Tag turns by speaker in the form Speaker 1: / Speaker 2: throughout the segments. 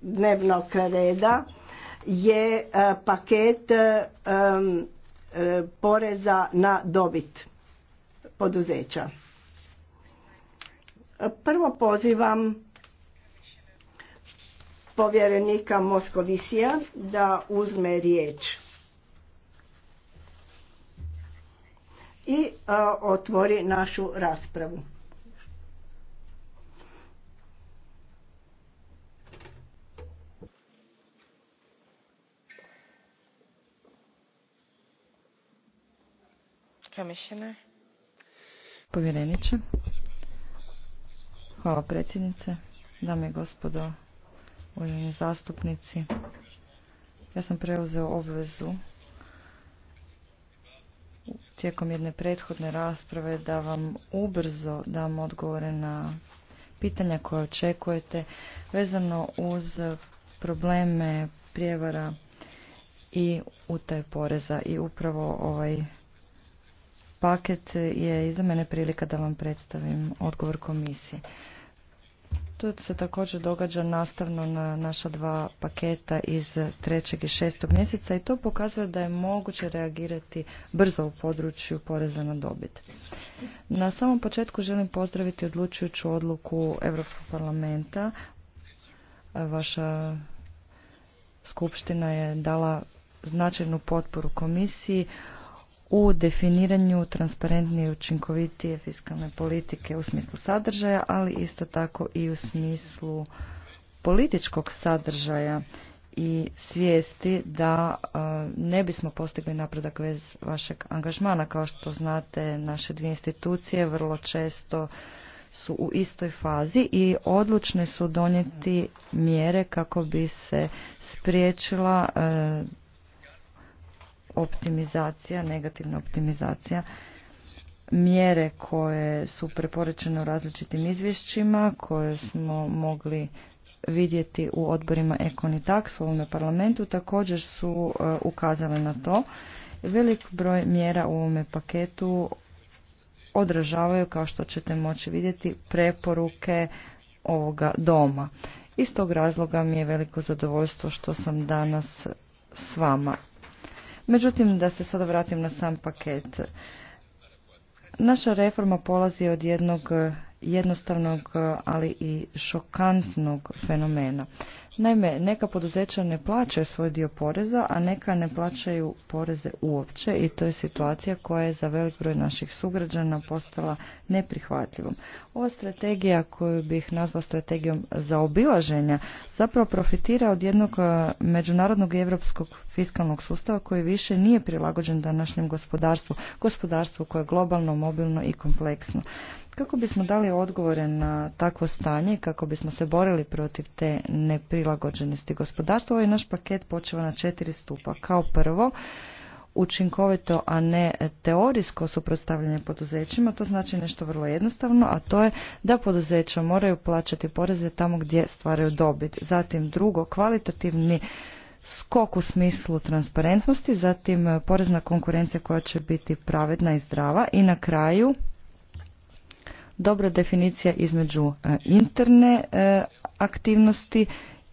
Speaker 1: dnevnog reda je e, paket e, e, poreza na dobit poduzeća. Prvo pozivam povjerenika Moskovisija da uzme riječ i otvori našu raspravu.
Speaker 2: Povjereniče, hvala predsjednice, dame i gospodo, uvaženi zastupnici. Ja sam preuzeo obvezu tijekom jedne prethodne rasprave da vam ubrzo dam odgovore na pitanja koje očekujete vezano uz probleme prijevara i utaje poreza i upravo ovaj paket je i za mene prilika da vam predstavim odgovor komisije. To se također događa nastavno na naša dva paketa iz trećeg i šestog mjeseca i to pokazuje da je moguće reagirati brzo u području poreza na dobit. Na samom početku želim pozdraviti odlučujuću odluku Europskog parlamenta. Vaša skupština je dala značajnu potporu komisiji u definiranju transparentnije i učinkovitije fiskalne politike u smislu sadržaja, ali isto tako i u smislu političkog sadržaja i svijesti da ne bismo postigli napredak bez vašeg angažmana. Kao što znate, naše dvije institucije vrlo često su u istoj fazi i odlučne su donijeti mjere kako bi se spriječila optimizacija, negativna optimizacija mjere koje su preporečene u različitim izvješćima koje smo mogli vidjeti u odborima Econitax u ovome parlamentu također su e, ukazale na to. Velik broj mjera u ovome paketu odražavaju, kao što ćete moći vidjeti, preporuke ovoga doma. Iz tog razloga mi je veliko zadovoljstvo što sam danas s vama Međutim, da se sada vratim na sam paket. Naša reforma polazi od jednog jednostavnog, ali i šokantnog fenomena. Naime, neka poduzeća ne plaćaju svoj dio poreza, a neka ne plaćaju poreze uopće i to je situacija koja je za velik broj naših sugrađana postala neprihvatljivom. Ova strategija koju bih nazvao strategijom zaobilaženja zapravo profitira od jednog e, međunarodnog i europskog fiskalnog sustava koji više nije prilagođen današnjem gospodarstvu, gospodarstvu koje je globalno, mobilno i kompleksno. Kako bismo dali odgovore na takvo stanje, kako bismo se borili protiv te neprilagođenja, prilagođenosti gospodarstva. Ovaj naš paket počeva na četiri stupa. Kao prvo, učinkovito, a ne teorijsko suprotstavljanje poduzećima, to znači nešto vrlo jednostavno, a to je da poduzeća moraju plaćati poreze tamo gdje stvaraju dobit. Zatim drugo, kvalitativni skok u smislu transparentnosti, zatim porezna konkurencija koja će biti pravedna i zdrava i na kraju dobra definicija između e, interne e, aktivnosti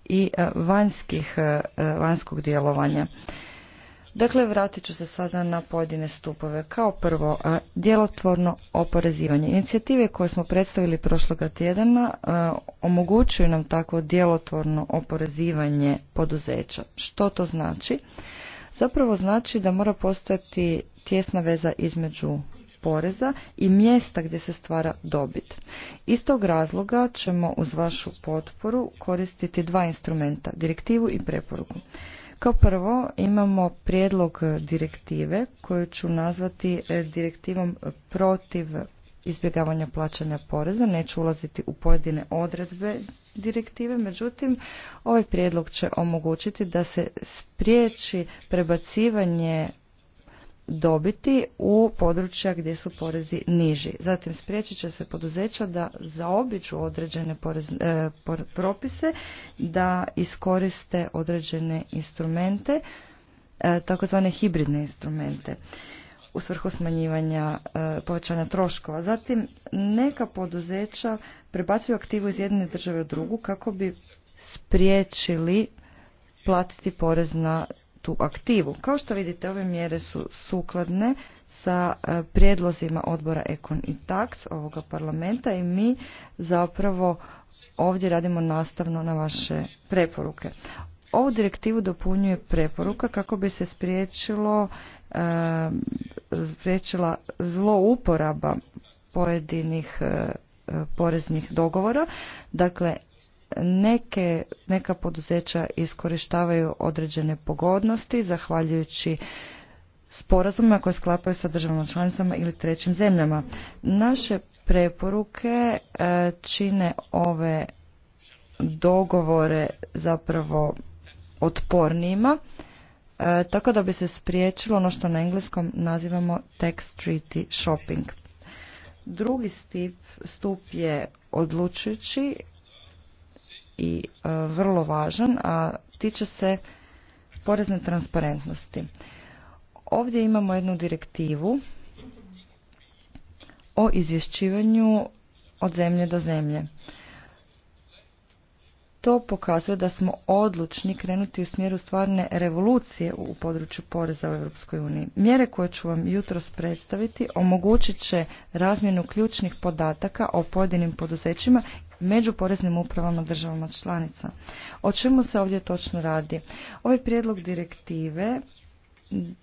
Speaker 2: i e, vanjskih, e, e, vanjskog djelovanja. Dakle, vratit ću se sada na pojedine stupove. Kao prvo, djelotvorno oporezivanje. Inicijative koje smo predstavili prošloga tjedana omogućuju nam takvo djelotvorno oporezivanje poduzeća. Što to znači? Zapravo znači da mora postojati tjesna veza između poreza i mjesta gdje se stvara dobit. Iz tog razloga ćemo uz vašu potporu koristiti dva instrumenta, direktivu i preporuku. Kao prvo imamo prijedlog direktive koju ću nazvati e, direktivom protiv izbjegavanja plaćanja poreza. Neću ulaziti u pojedine odredbe direktive, međutim ovaj prijedlog će omogućiti da se spriječi prebacivanje dobiti u područja gdje su porezi niži. Zatim spriječit će se poduzeća da zaobiđu određene e, propise, da iskoriste određene instrumente, e, takozvane hibridne instrumente u svrhu smanjivanja e, povećanja troškova. Zatim neka poduzeća prebacuju aktivu iz jedne države u drugu kako bi spriječili platiti porez na tu aktivu. Kao što vidite, ove mjere su sukladne sa e, prijedlozima odbora Econ i Tax ovoga parlamenta i mi zapravo ovdje radimo nastavno na vaše preporuke. Ovu direktivu dopunjuje preporuka kako bi se spriječilo e, spriječila zlouporaba pojedinih e, poreznih dogovora. Dakle, neke, neka poduzeća iskorištavaju određene pogodnosti zahvaljujući sporazumima koje sklapaju sa državama članicama ili trećim zemljama. Naše preporuke e, čine ove dogovore zapravo otpornijima, e, tako da bi se spriječilo ono što na engleskom nazivamo tax treaty shopping. Drugi stup je odlučujući i e, vrlo važan, a tiče se porezne transparentnosti. Ovdje imamo jednu direktivu o izvješćivanju od zemlje do zemlje. To pokazuje da smo odlučni krenuti u smjeru stvarne revolucije u području poreza u Europskoj uniji. Mjere koje ću vam jutros predstaviti omogućit će razmjenu ključnih podataka o pojedinim poduzećima među poreznim upravama državama članica. O čemu se ovdje točno radi? Ovaj prijedlog direktive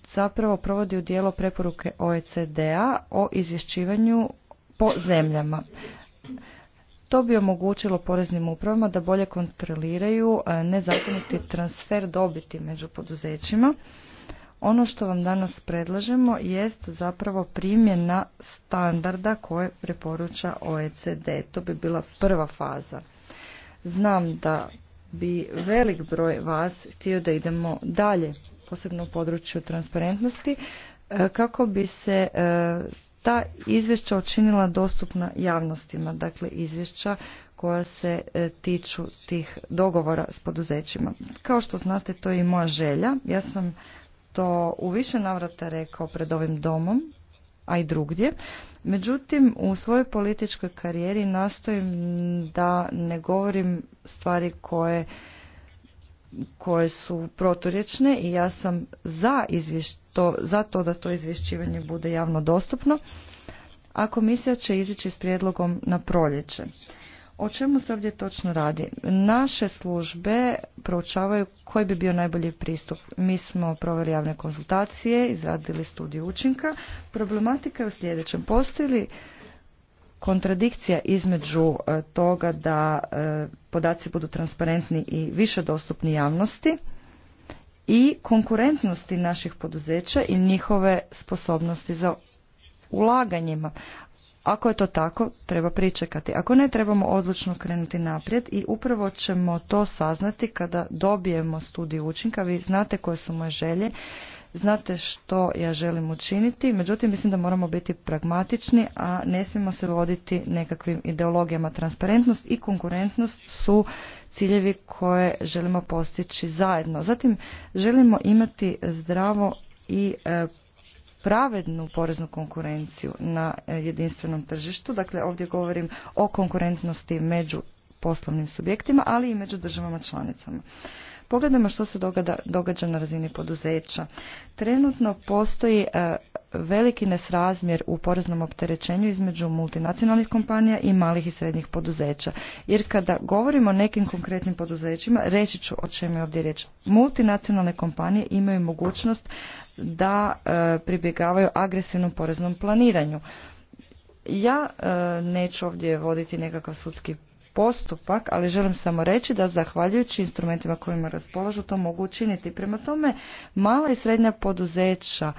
Speaker 2: zapravo provodi u dijelo preporuke OECD-a o izvješćivanju po zemljama. To bi omogućilo poreznim upravama da bolje kontroliraju e, nezakoniti transfer dobiti među poduzećima ono što vam danas predlažemo jest zapravo primjena standarda koje preporuča OECD. To bi bila prva faza. Znam da bi velik broj vas htio da idemo dalje, posebno u području transparentnosti, e, kako bi se e, ta izvješća učinila dostupna javnostima, dakle izvješća koja se e, tiču tih dogovora s poduzećima. Kao što znate, to je i moja želja. Ja sam to u više navrata rekao pred ovim domom, a i drugdje. Međutim, u svojoj političkoj karijeri nastojim da ne govorim stvari koje koje su proturječne i ja sam za, to, za to da to izvješćivanje bude javno dostupno, a komisija će izići s prijedlogom na proljeće. O čemu se ovdje točno radi? Naše službe proučavaju koji bi bio najbolji pristup. Mi smo proveli javne konzultacije, izradili studiju učinka. Problematika je u sljedećem. Postoji li kontradikcija između e, toga da e, podaci budu transparentni i više dostupni javnosti i konkurentnosti naših poduzeća i njihove sposobnosti za ulaganjima. Ako je to tako, treba pričekati. Ako ne, trebamo odlučno krenuti naprijed i upravo ćemo to saznati kada dobijemo studiju učinka. Vi znate koje su moje želje, znate što ja želim učiniti, međutim mislim da moramo biti pragmatični, a ne smijemo se voditi nekakvim ideologijama. Transparentnost i konkurentnost su ciljevi koje želimo postići zajedno. Zatim želimo imati zdravo i e, pravednu poreznu konkurenciju na e, jedinstvenom tržištu. Dakle, ovdje govorim o konkurentnosti među poslovnim subjektima, ali i među državama članicama. Pogledajmo što se događa, događa na razini poduzeća. Trenutno postoji e, veliki nesrazmjer u poreznom opterećenju između multinacionalnih kompanija i malih i srednjih poduzeća. Jer kada govorimo o nekim konkretnim poduzećima, reći ću o čemu je ovdje riječ. Multinacionalne kompanije imaju mogućnost da e, pribjegavaju agresivnom poreznom planiranju. Ja e, neću ovdje voditi nekakav sudski postupak, ali želim samo reći da zahvaljujući instrumentima kojima raspolažu to mogu učiniti. Prema tome, mala i srednja poduzeća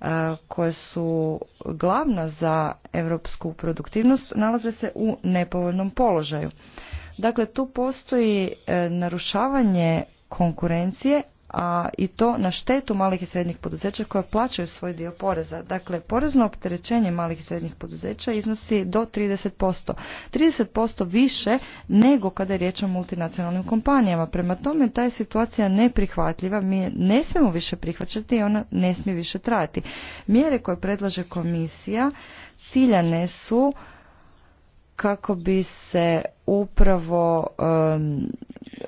Speaker 2: e, koje su glavna za europsku produktivnost nalaze se u nepovoljnom položaju. Dakle, tu postoji e, narušavanje konkurencije, a i to na štetu malih i srednjih poduzeća koja plaćaju svoj dio poreza. Dakle, porezno opterećenje malih i srednjih poduzeća iznosi do 30%. 30% više nego kada je riječ o multinacionalnim kompanijama. Prema tome, ta je situacija neprihvatljiva. Mi ne smijemo više prihvaćati i ona ne smije više trajati. Mjere koje predlaže komisija ciljane su kako bi se upravo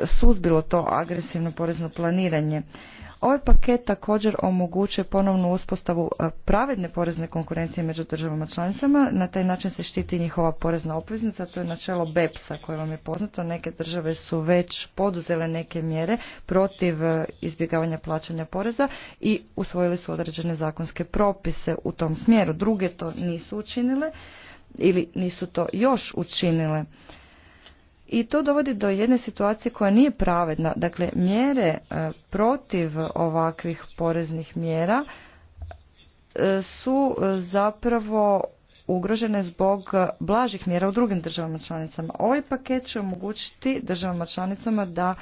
Speaker 2: suzbilo to agresivno porezno planiranje. Ovaj paket također omogućuje ponovnu uspostavu e, pravedne porezne konkurencije među državama članicama. Na taj način se štiti njihova porezna obveznica, to je načelo BEPS-a koje vam je poznato. Neke države su već poduzele neke mjere protiv e, izbjegavanja plaćanja poreza i usvojili su određene zakonske propise u tom smjeru. Druge to nisu učinile ili nisu to još učinile. I to dovodi do jedne situacije koja nije pravedna. Dakle, mjere e, protiv ovakvih poreznih mjera e, su e, zapravo ugrožene zbog blažih mjera u drugim državama članicama. Ovaj paket će omogućiti državama članicama da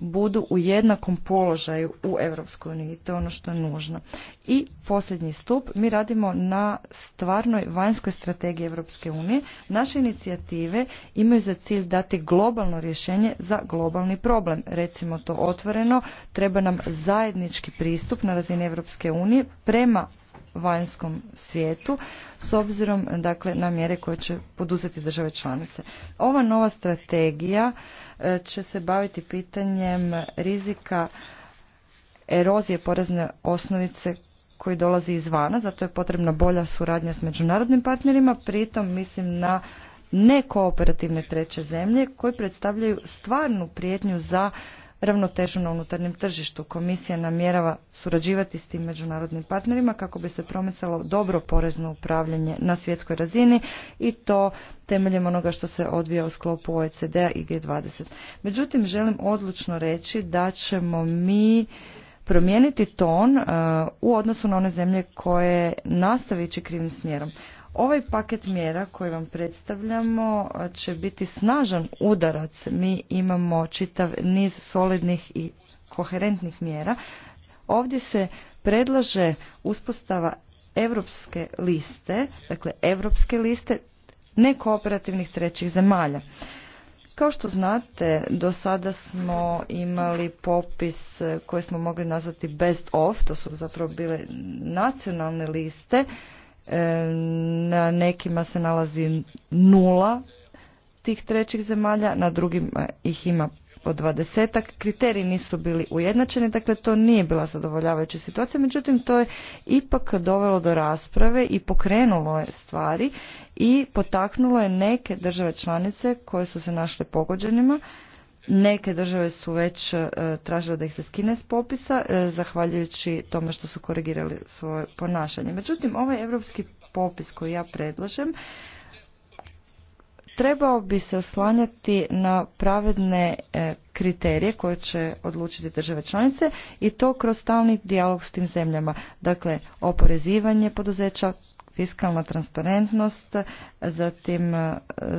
Speaker 2: budu u jednakom položaju u Europskoj uniji. To je ono što je nužno. I posljednji stup, mi radimo na stvarnoj vanjskoj strategiji Europske unije. Naše inicijative imaju za cilj dati globalno rješenje za globalni problem. Recimo to otvoreno, treba nam zajednički pristup na razini Europske unije prema vanjskom svijetu s obzirom dakle na mjere koje će poduzeti države članice. Ova nova strategija E, će se baviti pitanjem rizika erozije porezne osnovice koji dolazi izvana, zato je potrebna bolja suradnja s međunarodnim partnerima, pritom mislim na nekooperativne treće zemlje koje predstavljaju stvarnu prijetnju za ravnotežu na unutarnjem tržištu. Komisija namjerava surađivati s tim međunarodnim partnerima kako bi se promicalo dobro porezno upravljanje na svjetskoj razini i to temeljem onoga što se odvija u sklopu OECD-a i G20. Međutim, želim odlučno reći da ćemo mi promijeniti ton eh, u odnosu na one zemlje koje nastavići ići krivim smjerom. Ovaj paket mjera koji vam predstavljamo će biti snažan udarac. Mi imamo čitav niz solidnih i koherentnih mjera. Ovdje se predlaže uspostava europske liste, dakle europske liste nekooperativnih trećih zemalja. Kao što znate, do sada smo imali popis koji smo mogli nazvati best of, to su zapravo bile nacionalne liste E, na nekima se nalazi nula tih trećih zemalja, na drugima ih ima po dvadesetak. Kriteriji nisu bili ujednačeni, dakle to nije bila zadovoljavajuća situacija, međutim to je ipak dovelo do rasprave i pokrenulo je stvari i potaknulo je neke države članice koje su se našle pogođenima Neke države su već e, tražile da ih se skine s popisa, e, zahvaljujući tome što su korigirali svoje ponašanje. Međutim, ovaj europski popis koji ja predlažem trebao bi se oslanjati na pravedne e, kriterije koje će odlučiti države članice i to kroz stalni dijalog s tim zemljama. Dakle, oporezivanje poduzeća, fiskalna transparentnost, zatim e,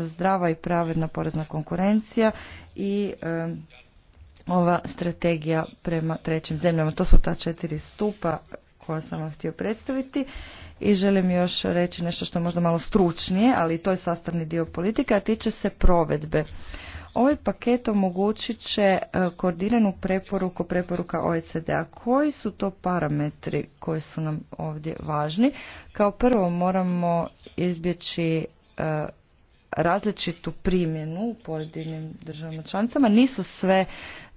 Speaker 2: zdrava i pravedna porezna konkurencija i e, ova strategija prema trećim zemljama. To su ta četiri stupa koja sam vam htio predstaviti i želim još reći nešto što je možda malo stručnije, ali to je sastavni dio politike, a tiče se provedbe. Ovaj paket omogućit će e, koordiniranu preporuku preporuka OECD-a. Koji su to parametri koji su nam ovdje važni? Kao prvo moramo izbjeći e, različitu primjenu u pojedinim državama članicama. Nisu sve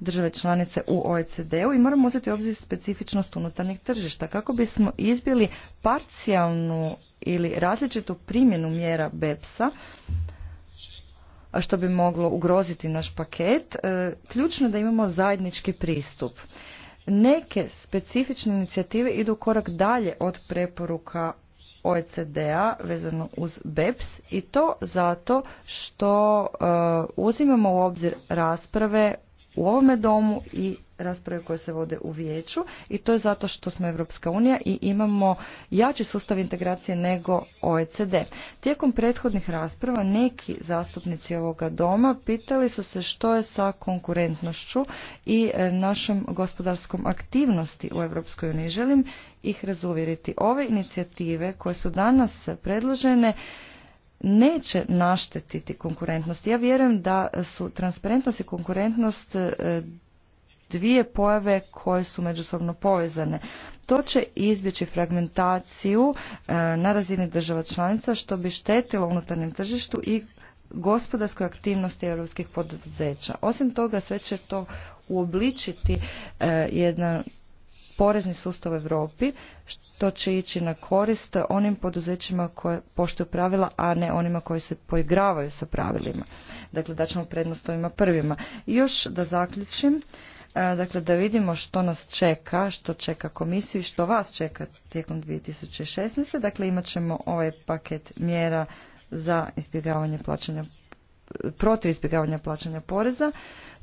Speaker 2: države članice u OECD-u i moramo uzeti u obzir specifičnost unutarnjih tržišta kako bismo izbjeli parcijalnu ili različitu primjenu mjera BEPS-a što bi moglo ugroziti naš paket, e, ključno da imamo zajednički pristup. Neke specifične inicijative idu korak dalje od preporuka OECD-a vezano uz BEPS i to zato što e, uzimamo u obzir rasprave u ovome domu i rasprave koje se vode u vijeću i to je zato što smo Europska unija i imamo jači sustav integracije nego OECD. Tijekom prethodnih rasprava neki zastupnici ovoga doma pitali su se što je sa konkurentnošću i e, našom gospodarskom aktivnosti u Europskoj uniji. Želim ih razuvjeriti. Ove inicijative koje su danas predložene neće naštetiti konkurentnost. Ja vjerujem da su transparentnost i konkurentnost e, dvije pojave koje su međusobno povezane. To će izbjeći fragmentaciju e, na razini država članica što bi štetilo unutarnjem tržištu i gospodarskoj aktivnosti europskih poduzeća. Osim toga sve će to uobličiti e, jedan porezni sustav u Europi što će ići na korist onim poduzećima koje poštuju pravila, a ne onima koji se poigravaju sa pravilima. Dakle, da ćemo prednost ovima prvima. još da zaključim, E, dakle da vidimo što nas čeka, što čeka komisiju i što vas čeka tijekom 2016. Dakle imat ćemo ovaj paket mjera za izbjegavanje plaćanja protiv izbjegavanja plaćanja poreza.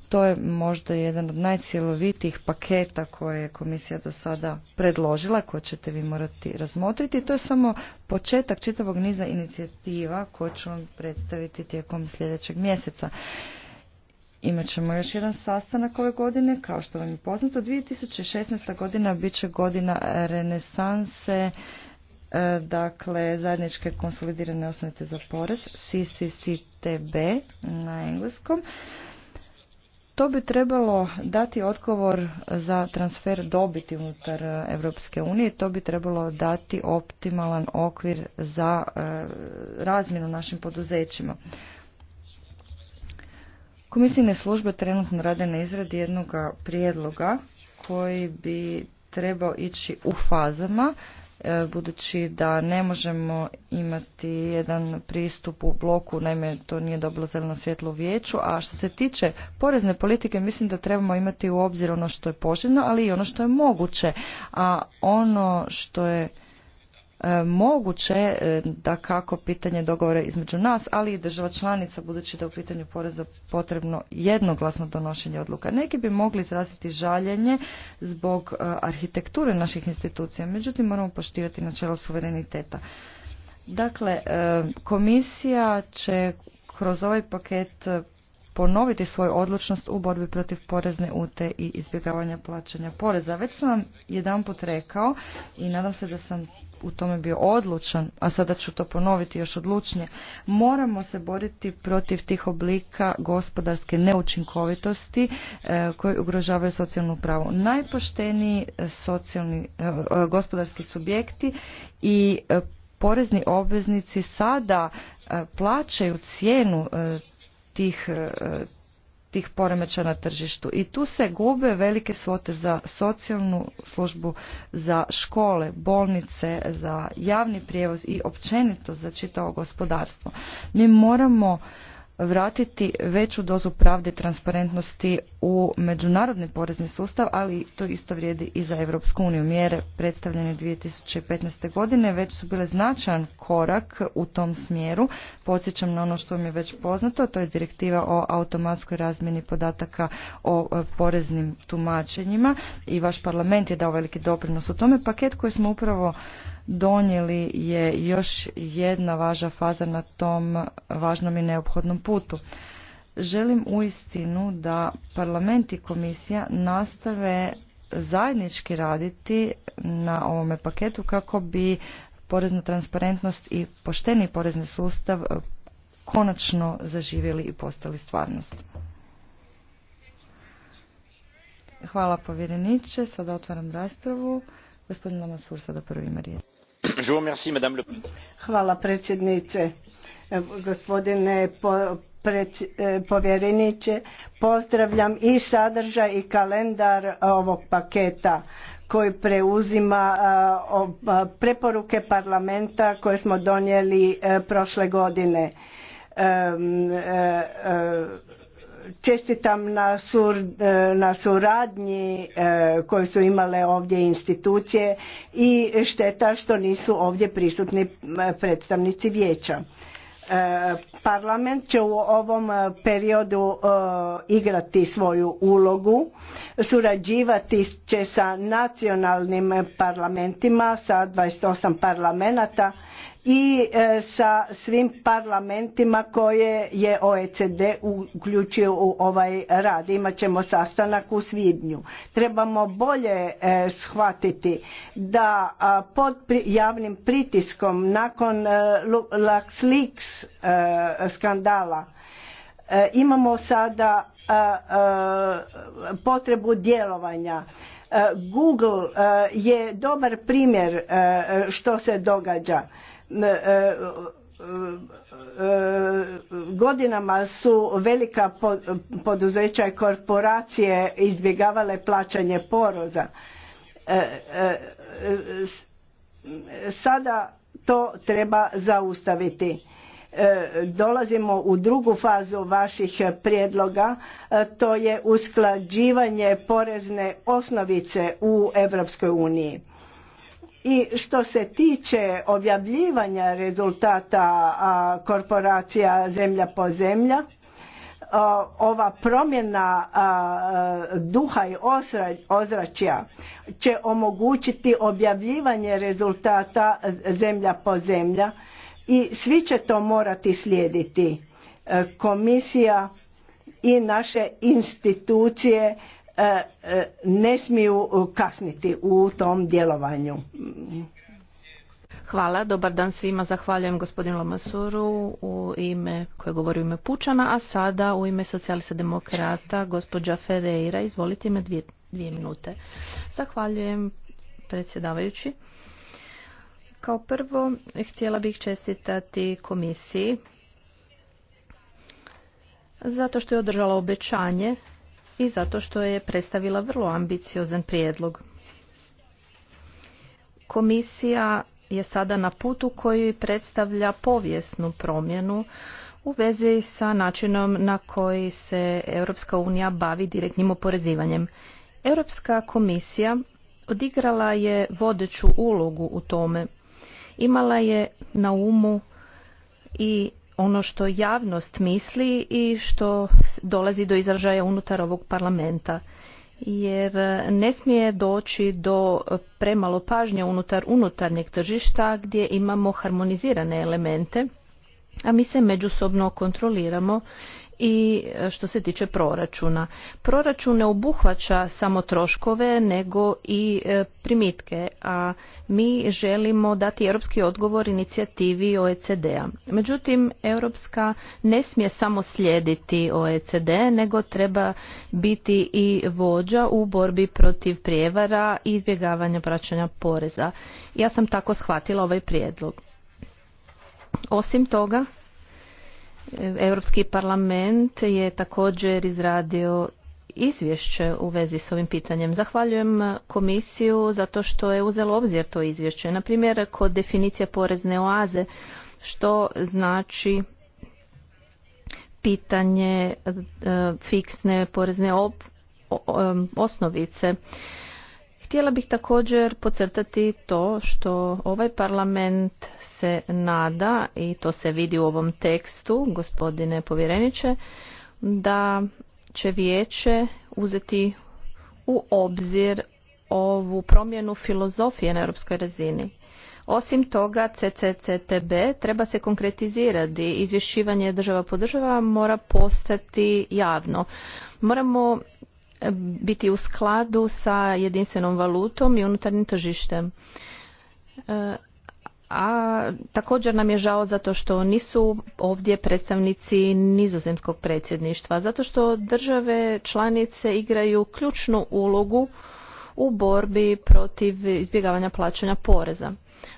Speaker 2: To je možda jedan od najcjelovitijih paketa koje je komisija do sada predložila, koje ćete vi morati razmotriti. To je samo početak čitavog niza inicijativa koje ću vam predstaviti tijekom sljedećeg mjeseca. Imat ćemo još jedan sastanak ove godine, kao što vam je poznato. 2016. godina bit će godina renesanse, e, dakle zajedničke konsolidirane osnovice za porez, CCCTB na engleskom. To bi trebalo dati odgovor za transfer dobiti unutar Europske unije. To bi trebalo dati optimalan okvir za e, razmjenu našim poduzećima. Komisijne službe trenutno rade na izradi jednog prijedloga koji bi trebao ići u fazama, e, budući da ne možemo imati jedan pristup u bloku, naime to nije dobilo zeleno svjetlo u vijeću, a što se tiče porezne politike mislim da trebamo imati u obzir ono što je poželjno, ali i ono što je moguće, a ono što je E, moguće e, da kako pitanje dogovore između nas, ali i država članica, budući da u pitanju poreza potrebno jednoglasno donošenje odluka. Neki bi mogli izraziti žaljenje zbog e, arhitekture naših institucija, međutim moramo poštivati načelo suvereniteta. Dakle, komisija će kroz ovaj paket ponoviti svoju odlučnost u borbi protiv porezne ute i izbjegavanja plaćanja poreza. Već sam vam jedan put rekao i nadam se da sam u tome bio odlučan, a sada ću to ponoviti još odlučnije, moramo se boriti protiv tih oblika gospodarske neučinkovitosti e, koji ugrožavaju socijalnu pravu. Najpošteniji e, socijalni, e, e, gospodarski subjekti i porezni obveznici sada plaćaju cijenu tih tih poremeća na tržištu. I tu se gube velike svote za socijalnu službu, za škole, bolnice, za javni prijevoz i općenito za čitavo gospodarstvo. Mi moramo vratiti veću dozu pravde i transparentnosti u međunarodni porezni sustav, ali to isto vrijedi i za Europsku uniju. Mjere predstavljene 2015. godine već su bile značajan korak u tom smjeru. Podsjećam na ono što mi je već poznato, to je direktiva o automatskoj razmjeni podataka o e, poreznim tumačenjima i vaš parlament je dao veliki doprinos u tome. Paket koji smo upravo donijeli je još jedna važna faza na tom važnom i neophodnom putu. Želim u istinu da parlament i komisija nastave zajednički raditi na ovome paketu kako bi porezna transparentnost i pošteni porezni sustav konačno zaživjeli i postali stvarnost. Hvala povjereniče. Sada otvaram raspravu. Gospodin sursa da prvi ima riječ.
Speaker 1: Hvala predsjednice. Gospodine e, povjereniče, pozdravljam i sadržaj i kalendar ovog paketa koji preuzima preporuke parlamenta koje smo donijeli e, prošle godine. E, čestitam na, e, na suradnji e, koje su imale ovdje institucije i šteta što nisu ovdje prisutni e, predstavnici vijeća. Parlament će u ovom periodu igrati svoju ulogu, surađivati će sa nacionalnim parlamentima, sa 28 parlamenata i e, sa svim parlamentima koje je OECD uključio u ovaj rad. Imat ćemo sastanak u svibnju. Trebamo bolje e, shvatiti da pod javnim pritiskom nakon e, LuxLeaks skandala imamo sada potrebu djelovanja. Google je dobar primjer što se događa E, e, e, godinama su velika poduzeća i korporacije izbjegavale plaćanje poroza. Sada to treba zaustaviti. Dolazimo u drugu fazu vaših prijedloga, to je usklađivanje porezne osnovice u Europskoj uniji i što se tiče objavljivanja rezultata korporacija zemlja po zemlja, ova promjena duha i ozračja će omogućiti objavljivanje rezultata zemlja po zemlja i svi će to morati slijediti. E, komisija i naše institucije E, e, ne smiju kasniti u tom djelovanju.
Speaker 3: Hvala, dobar dan svima, zahvaljujem gospodinu Lomasuru u ime, koje govori u ime Pučana, a sada u ime socijalista demokrata gospođa Ferreira, izvolite ime dvije, dvije minute. Zahvaljujem predsjedavajući. Kao prvo, htjela bih čestitati komisiji zato što je održala obećanje i zato što je predstavila vrlo ambiciozan prijedlog. Komisija je sada na putu koji predstavlja povijesnu promjenu u vezi sa načinom na koji se Europska unija bavi direktnim oporezivanjem. Europska komisija odigrala je vodeću ulogu u tome. Imala je na umu i ono što javnost misli i što dolazi do izražaja unutar ovog parlamenta jer ne smije doći do premalo pažnje unutar unutarnjeg tržišta gdje imamo harmonizirane elemente a mi se međusobno kontroliramo i e, što se tiče proračuna. Proračun ne obuhvaća samo troškove nego i e, primitke, a mi želimo dati europski odgovor inicijativi OECD-a. Međutim, Europska ne smije samo slijediti OECD, nego treba biti i vođa u borbi protiv prijevara i izbjegavanja praćanja poreza. Ja sam tako shvatila ovaj prijedlog. Osim toga, Europski parlament je također izradio izvješće u vezi s ovim pitanjem. Zahvaljujem komisiju zato što je uzelo obzir to izvješće. Na primjer, kod definicija porezne oaze, što znači pitanje e, fiksne porezne e, osnovice. Htjela bih također pocrtati to što ovaj parlament se nada i to se vidi u ovom tekstu, gospodine povjereniče, da će vijeće uzeti u obzir ovu promjenu filozofije na europskoj razini. Osim toga, CCCTB treba se konkretizirati. Izvješćivanje država podržava mora postati javno. Moramo biti u skladu sa jedinstvenom valutom i unutarnjim tržištem. E, a također nam je žao zato što nisu ovdje predstavnici nizozemskog predsjedništva, zato što države članice igraju ključnu ulogu u borbi protiv izbjegavanja plaćanja poreza.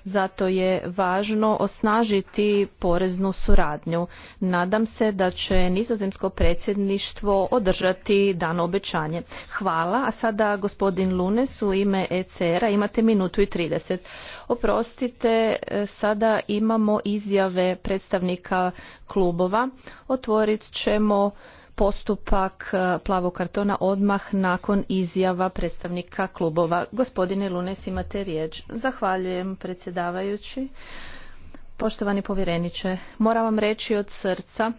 Speaker 3: Zato je važno osnažiti poreznu suradnju. Nadam se da će nizozemsko predsjedništvo održati dano obećanje. Hvala, a sada gospodin Lunes u ime ECR-a imate minutu i 30. Oprostite, e, sada imamo izjave predstavnika klubova. Otvorit ćemo postupak e, plavog kartona odmah nakon izjava predstavnika klubova. Gospodine Lunes, imate riječ. Zahvaljujem predsjedavajući. Poštovani povjereniče, moram vam reći od srca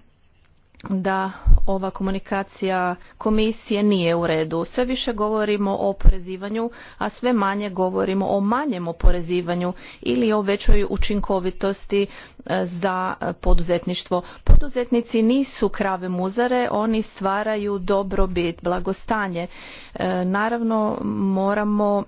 Speaker 3: da ova komunikacija komisije nije u redu. Sve više govorimo o oporezivanju, a sve manje govorimo o manjem oporezivanju ili o većoj učinkovitosti e, za e, poduzetništvo. Poduzetnici nisu krave muzare, oni stvaraju dobrobit, blagostanje. E, naravno moramo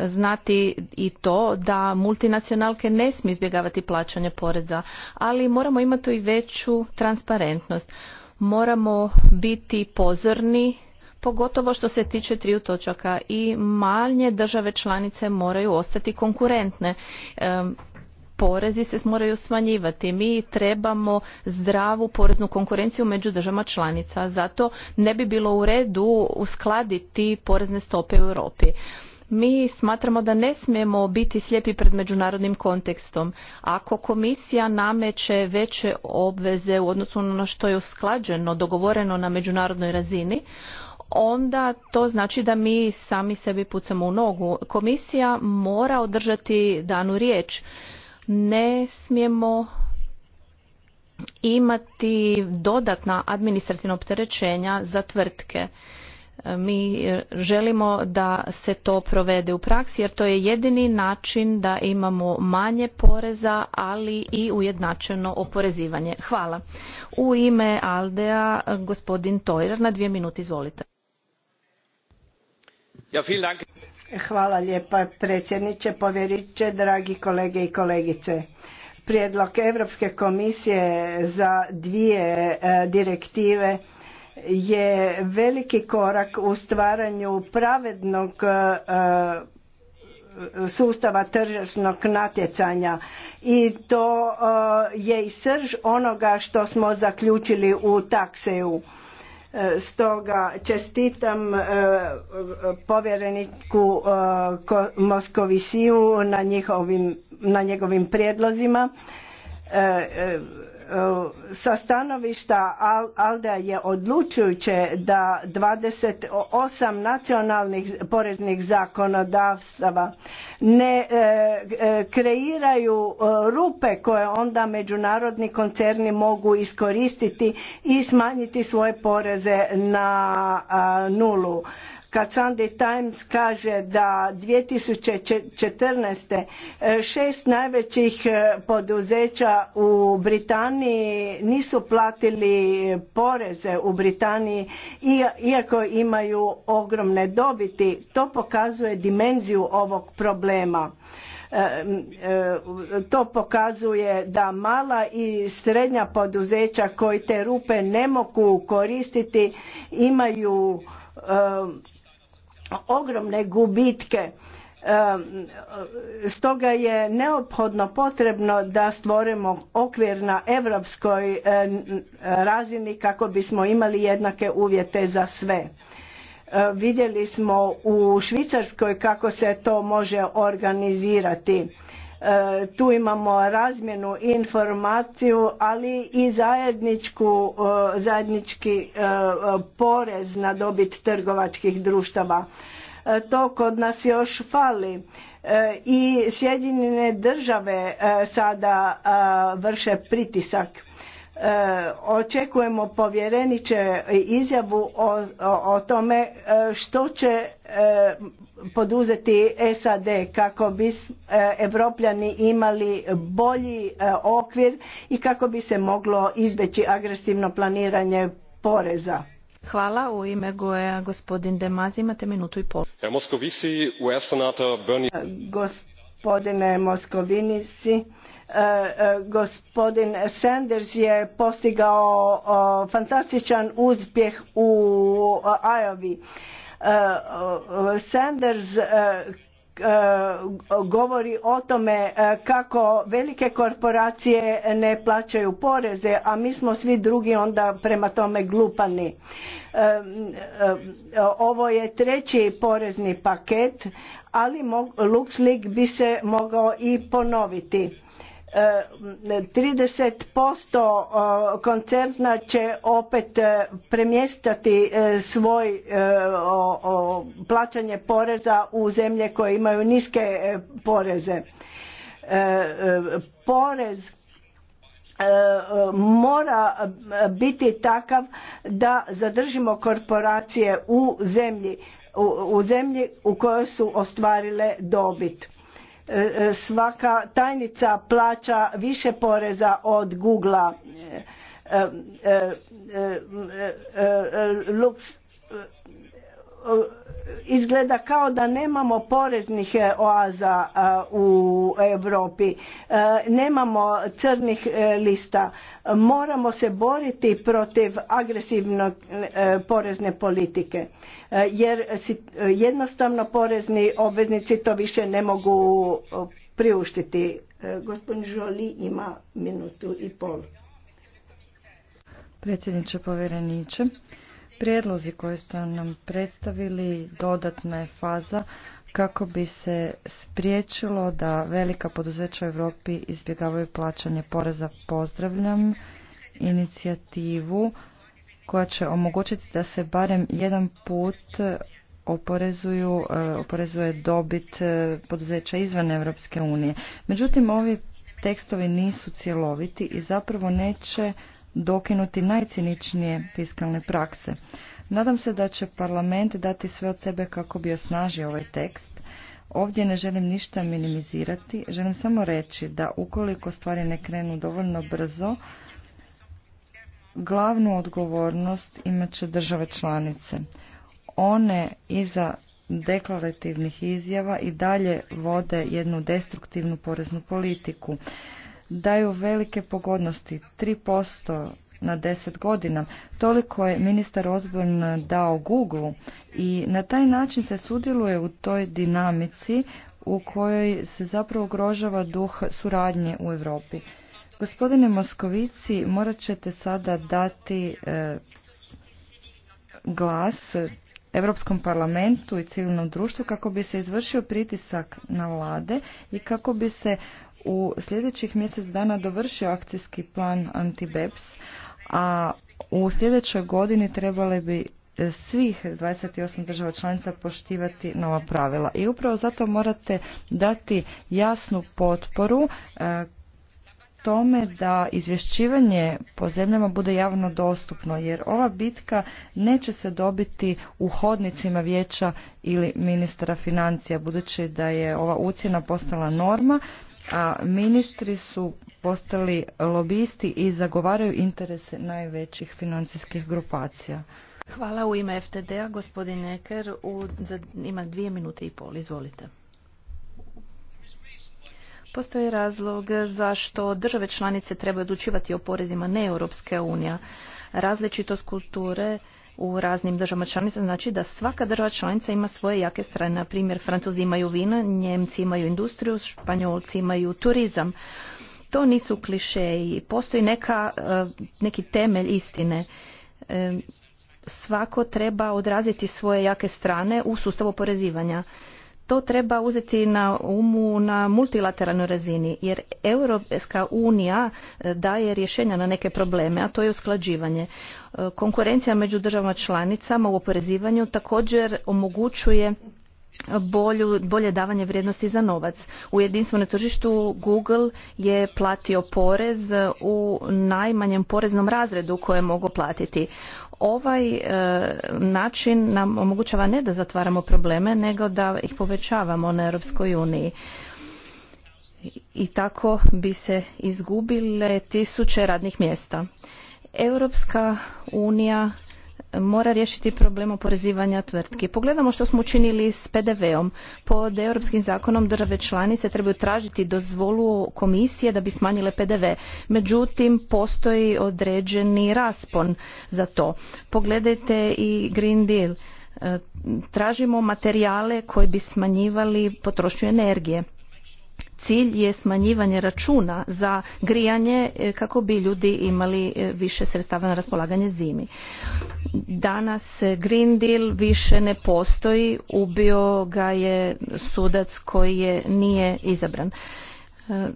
Speaker 3: znati i to da multinacionalke ne smiju izbjegavati plaćanje poreza, ali moramo imati i veću transparentnost. Moramo biti pozorni pogotovo što se tiče triju točaka i manje države članice moraju ostati konkurentne. porezi se moraju smanjivati. Mi trebamo zdravu poreznu konkurenciju među državama članica. Zato ne bi bilo u redu uskladiti porezne stope u Europi. Mi smatramo da ne smijemo biti slijepi pred međunarodnim kontekstom. Ako komisija nameće veće obveze u odnosu na ono što je usklađeno, dogovoreno na međunarodnoj razini, onda to znači da mi sami sebi pucamo u nogu. Komisija mora održati danu riječ. Ne smijemo imati dodatna administrativna opterećenja za tvrtke mi želimo da se to provede u praksi jer to je jedini način da imamo manje poreza ali i ujednačeno oporezivanje. Hvala. U ime Aldea
Speaker 1: gospodin tojer na dvije minute izvolite. Hvala lijepa predsjedniče, povjeriće, dragi kolege i kolegice. Prijedlog Europske komisije za dvije e, direktive je veliki korak u stvaranju pravednog e, e, sustava tržišnog natjecanja i to e, je i srž onoga što smo zaključili u takseju. Stoga čestitam povjereniku Moskovisiju na, njihovim, na njegovim prijedlozima sa stanovišta Alda je odlučujuće da 28 nacionalnih poreznih zakonodavstava ne e, e, kreiraju e, rupe koje onda međunarodni koncerni mogu iskoristiti i smanjiti svoje poreze na nulu. Kad Sunday Times kaže da 2014. E, šest najvećih e, poduzeća u Britaniji nisu platili poreze u Britaniji iako imaju ogromne dobiti, to pokazuje dimenziju ovog problema e, to pokazuje da mala i srednja poduzeća koji te rupe ne mogu koristiti imaju ogromne gubitke stoga je neophodno potrebno da stvorimo okvir na europskoj razini kako bismo imali jednake uvjete za sve vidjeli smo u švicarskoj kako se to može organizirati E, tu imamo razmjenu informaciju, ali i zajedničku, e, zajednički e, porez na dobit trgovačkih društava. To kod nas još fali i Sjedinjene države sada vrše pritisak E, očekujemo povjereniče izjavu o, tome e, što će e, poduzeti SAD kako bi evropljani imali bolji okvir i kako bi se moglo izbjeći agresivno planiranje poreza.
Speaker 3: Hvala. U ime goja gospodin Demazi imate minutu i pol
Speaker 1: gospodine Moskovinici. E, e, gospodin Sanders je postigao fantastičan uspjeh u Ajovi. E, Sanders govori o tome kako velike korporacije ne plaćaju poreze, a mi smo svi drugi onda prema tome glupani. Ovo je treći porezni paket, ali LuxLeak bi se mogao i ponoviti. 30% e, e, koncerna će opet e, premjestati svoj plaćanje poreza u zemlje koje imaju niske poreze. Porez mora biti takav da zadržimo korporacije u zemlji u zemlji u kojoj su ostvarile dobit. E, e, svaka tajnica plaća više poreza od google e, Lux E, izgleda kao da nemamo poreznih e, oaza e, u Europi, nemamo crnih lista. Moramo se boriti protiv agresivne porezne politike jer jednostavno porezni obveznici to više ne mogu priuštiti. Gospodin Žoli ima minutu i pol.
Speaker 2: Predsjedniče povjereniče, Prijedlozi koje ste nam predstavili dodatna je faza kako bi se spriječilo da velika poduzeća u Europi izbjegavaju plaćanje poreza. Pozdravljam inicijativu koja će omogućiti da se barem jedan put oporezuju, eh, oporezuje dobit eh, poduzeća izvan Europske unije. Međutim, ovi tekstovi nisu cjeloviti i zapravo neće dokinuti najciničnije fiskalne prakse. Nadam se da će parlament dati sve od sebe kako bi osnažio ovaj tekst. Ovdje ne želim ništa minimizirati, želim samo reći da ukoliko stvari ne krenu dovoljno brzo, glavnu odgovornost imat će države članice. One iza deklarativnih izjava i dalje vode jednu destruktivnu poreznu politiku daju velike pogodnosti, 3% na 10 godina. Toliko je ministar Osborn dao Google i na taj način se sudjeluje u toj dinamici u kojoj se zapravo ugrožava duh suradnje u Europi. Gospodine Moskovici, morat ćete sada dati e, glas Europskom parlamentu i civilnom društvu kako bi se izvršio pritisak na vlade i kako bi se u sljedećih mjesec dana dovršio akcijski plan Antibeps, a u sljedećoj godini trebali bi e, svih 28 država članica poštivati nova pravila. I upravo zato morate dati jasnu potporu e, tome da izvješćivanje po zemljama bude javno dostupno, jer ova bitka neće se dobiti u hodnicima vijeća ili ministra financija, budući da je ova ucjena postala norma, a ministri su postali lobisti i zagovaraju interese najvećih financijskih grupacija.
Speaker 3: Hvala u ime FTD-a, gospodin Eker, u, za, ima dvije minute i pol, izvolite. Postoji razlog zašto države članice trebaju odlučivati o porezima ne Europske unija. Različitost kulture u raznim državama članica znači da svaka država članica ima svoje jake strane. Na primjer, Francuzi imaju vino, Njemci imaju industriju, Španjolci imaju turizam. To nisu klišeji. Postoji neka, eh, neki temelj istine. Eh, svako treba odraziti svoje jake strane u sustavu porezivanja to treba uzeti na umu na multilateralnoj razini jer Europska unija e, daje rješenja na neke probleme, a to je usklađivanje. E, konkurencija među državama članicama u oporezivanju također omogućuje bolju, bolje davanje vrijednosti za novac. U jedinstvenom tržištu Google je platio porez u najmanjem poreznom razredu koje mogu platiti ovaj e, način nam omogućava ne da zatvaramo probleme, nego da ih povećavamo na Europskoj uniji i tako bi se izgubile tisuće radnih mjesta. Europska unija mora riješiti problem oporezivanja tvrtki. Pogledamo što smo učinili s PDV-om. Pod europskim zakonom države članice trebaju tražiti dozvolu komisije da bi smanjile PDV. Međutim, postoji određeni raspon za to. Pogledajte i Green Deal. E, tražimo materijale koji bi smanjivali potrošnju energije. Cilj je smanjivanje računa za grijanje e, kako bi ljudi imali e, više sredstava na raspolaganje zimi. Danas Green Deal više ne postoji, ubio ga je sudac koji je nije izabran. E,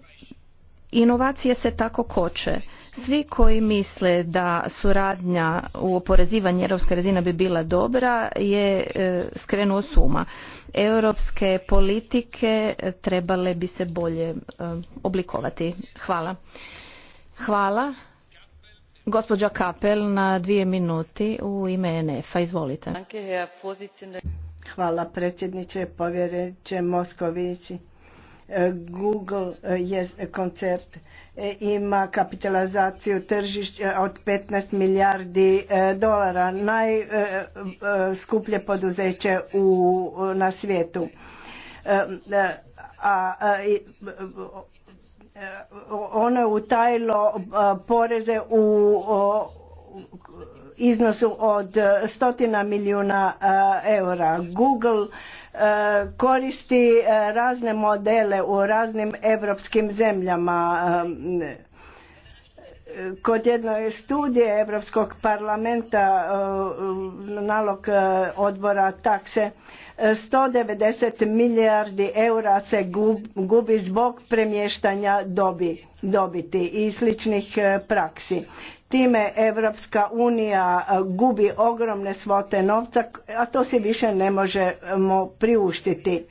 Speaker 3: inovacije se tako koče svi koji misle da suradnja u oporezivanju europske razina bi bila dobra je e, skrenuo suma. Europske politike trebale bi se bolje e, oblikovati. Hvala. Hvala. Gospođa Kapel na dvije minuti u ime NF-a. Izvolite.
Speaker 1: Hvala predsjedniče povjereće Moskovići E, Google e, je koncert e, ima kapitalizaciju tržišća od 15 milijardi dolara, najskuplje poduzeće u, na svijetu. A ono je utajilo poreze u iznosu od stotina milijuna eura. Google koristi e, razne modele u raznim europskim zemljama. E, kod jedne studije Europskog parlamenta e, nalog odbora takse 190 milijardi eura se gubi zbog premještanja dobiti i sličnih praksi. Time Evropska unija e, gubi ogromne svote novca, a to se više ne možemo priuštiti.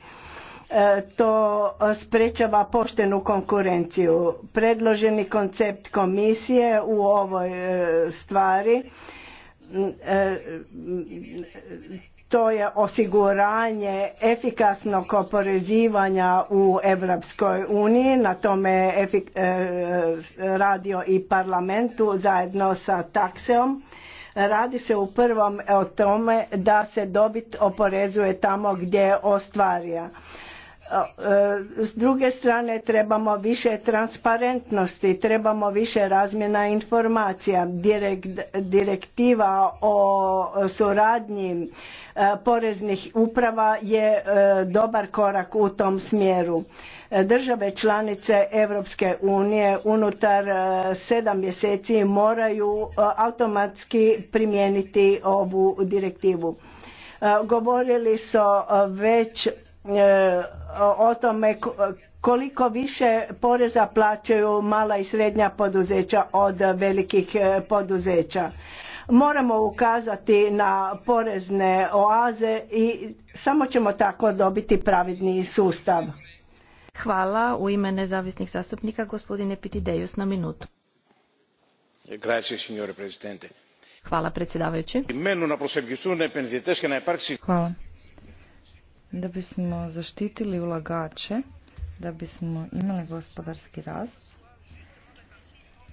Speaker 1: E, to sprečava poštenu konkurenciju. Predloženi koncept komisije u ovoj e, stvari to je osiguranje efikasnog oporezivanja u Europskoj uniji, na tome je e, radio i parlamentu zajedno sa takseom. Radi se u prvom o tome da se dobit oporezuje tamo gdje je ostvarija. E, s druge strane trebamo više transparentnosti, trebamo više razmjena informacija, direktiva o suradnji E, poreznih uprava je e, dobar korak u tom smjeru. E, države članice Europske unije unutar sedam mjeseci moraju automatski primijeniti ovu direktivu. Govorili su već o tome koliko više poreza plaćaju mala i srednja poduzeća od velikih poduzeća. Moramo ukazati na porezne oaze i samo ćemo tako dobiti pravidni sustav.
Speaker 3: Hvala. U ime nezavisnih zastupnika gospodine Pitidejus na minutu. Hvala predsjedavajući. Hvala. Da
Speaker 2: bismo zaštitili ulagače, da bismo imali gospodarski rast,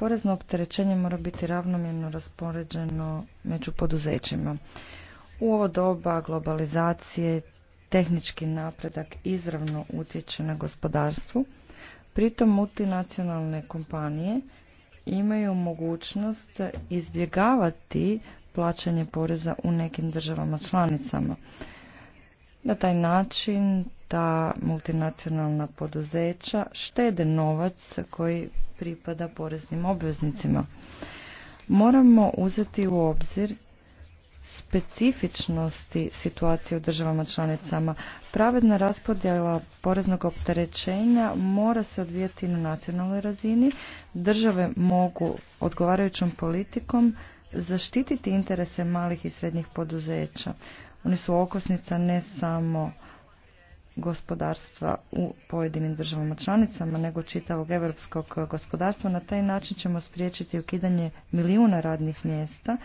Speaker 2: Porezno opterećenje mora biti ravnomjerno raspoređeno među poduzećima. U ovo doba globalizacije tehnički napredak izravno utječe na gospodarstvu, pritom multinacionalne kompanije imaju mogućnost izbjegavati plaćanje poreza u nekim državama članicama. Na taj način ta multinacionalna poduzeća štede novac koji pripada poreznim obveznicima. Moramo uzeti u obzir specifičnosti situacije u državama članicama. Pravedna raspodjela poreznog opterećenja mora se odvijeti na nacionalnoj razini. Države mogu odgovarajućom politikom zaštititi interese malih i srednjih poduzeća. Oni su okosnica ne samo gospodarstva u pojedinim državama članicama, nego čitavog europskog gospodarstva. Na taj način ćemo spriječiti ukidanje milijuna radnih mjesta,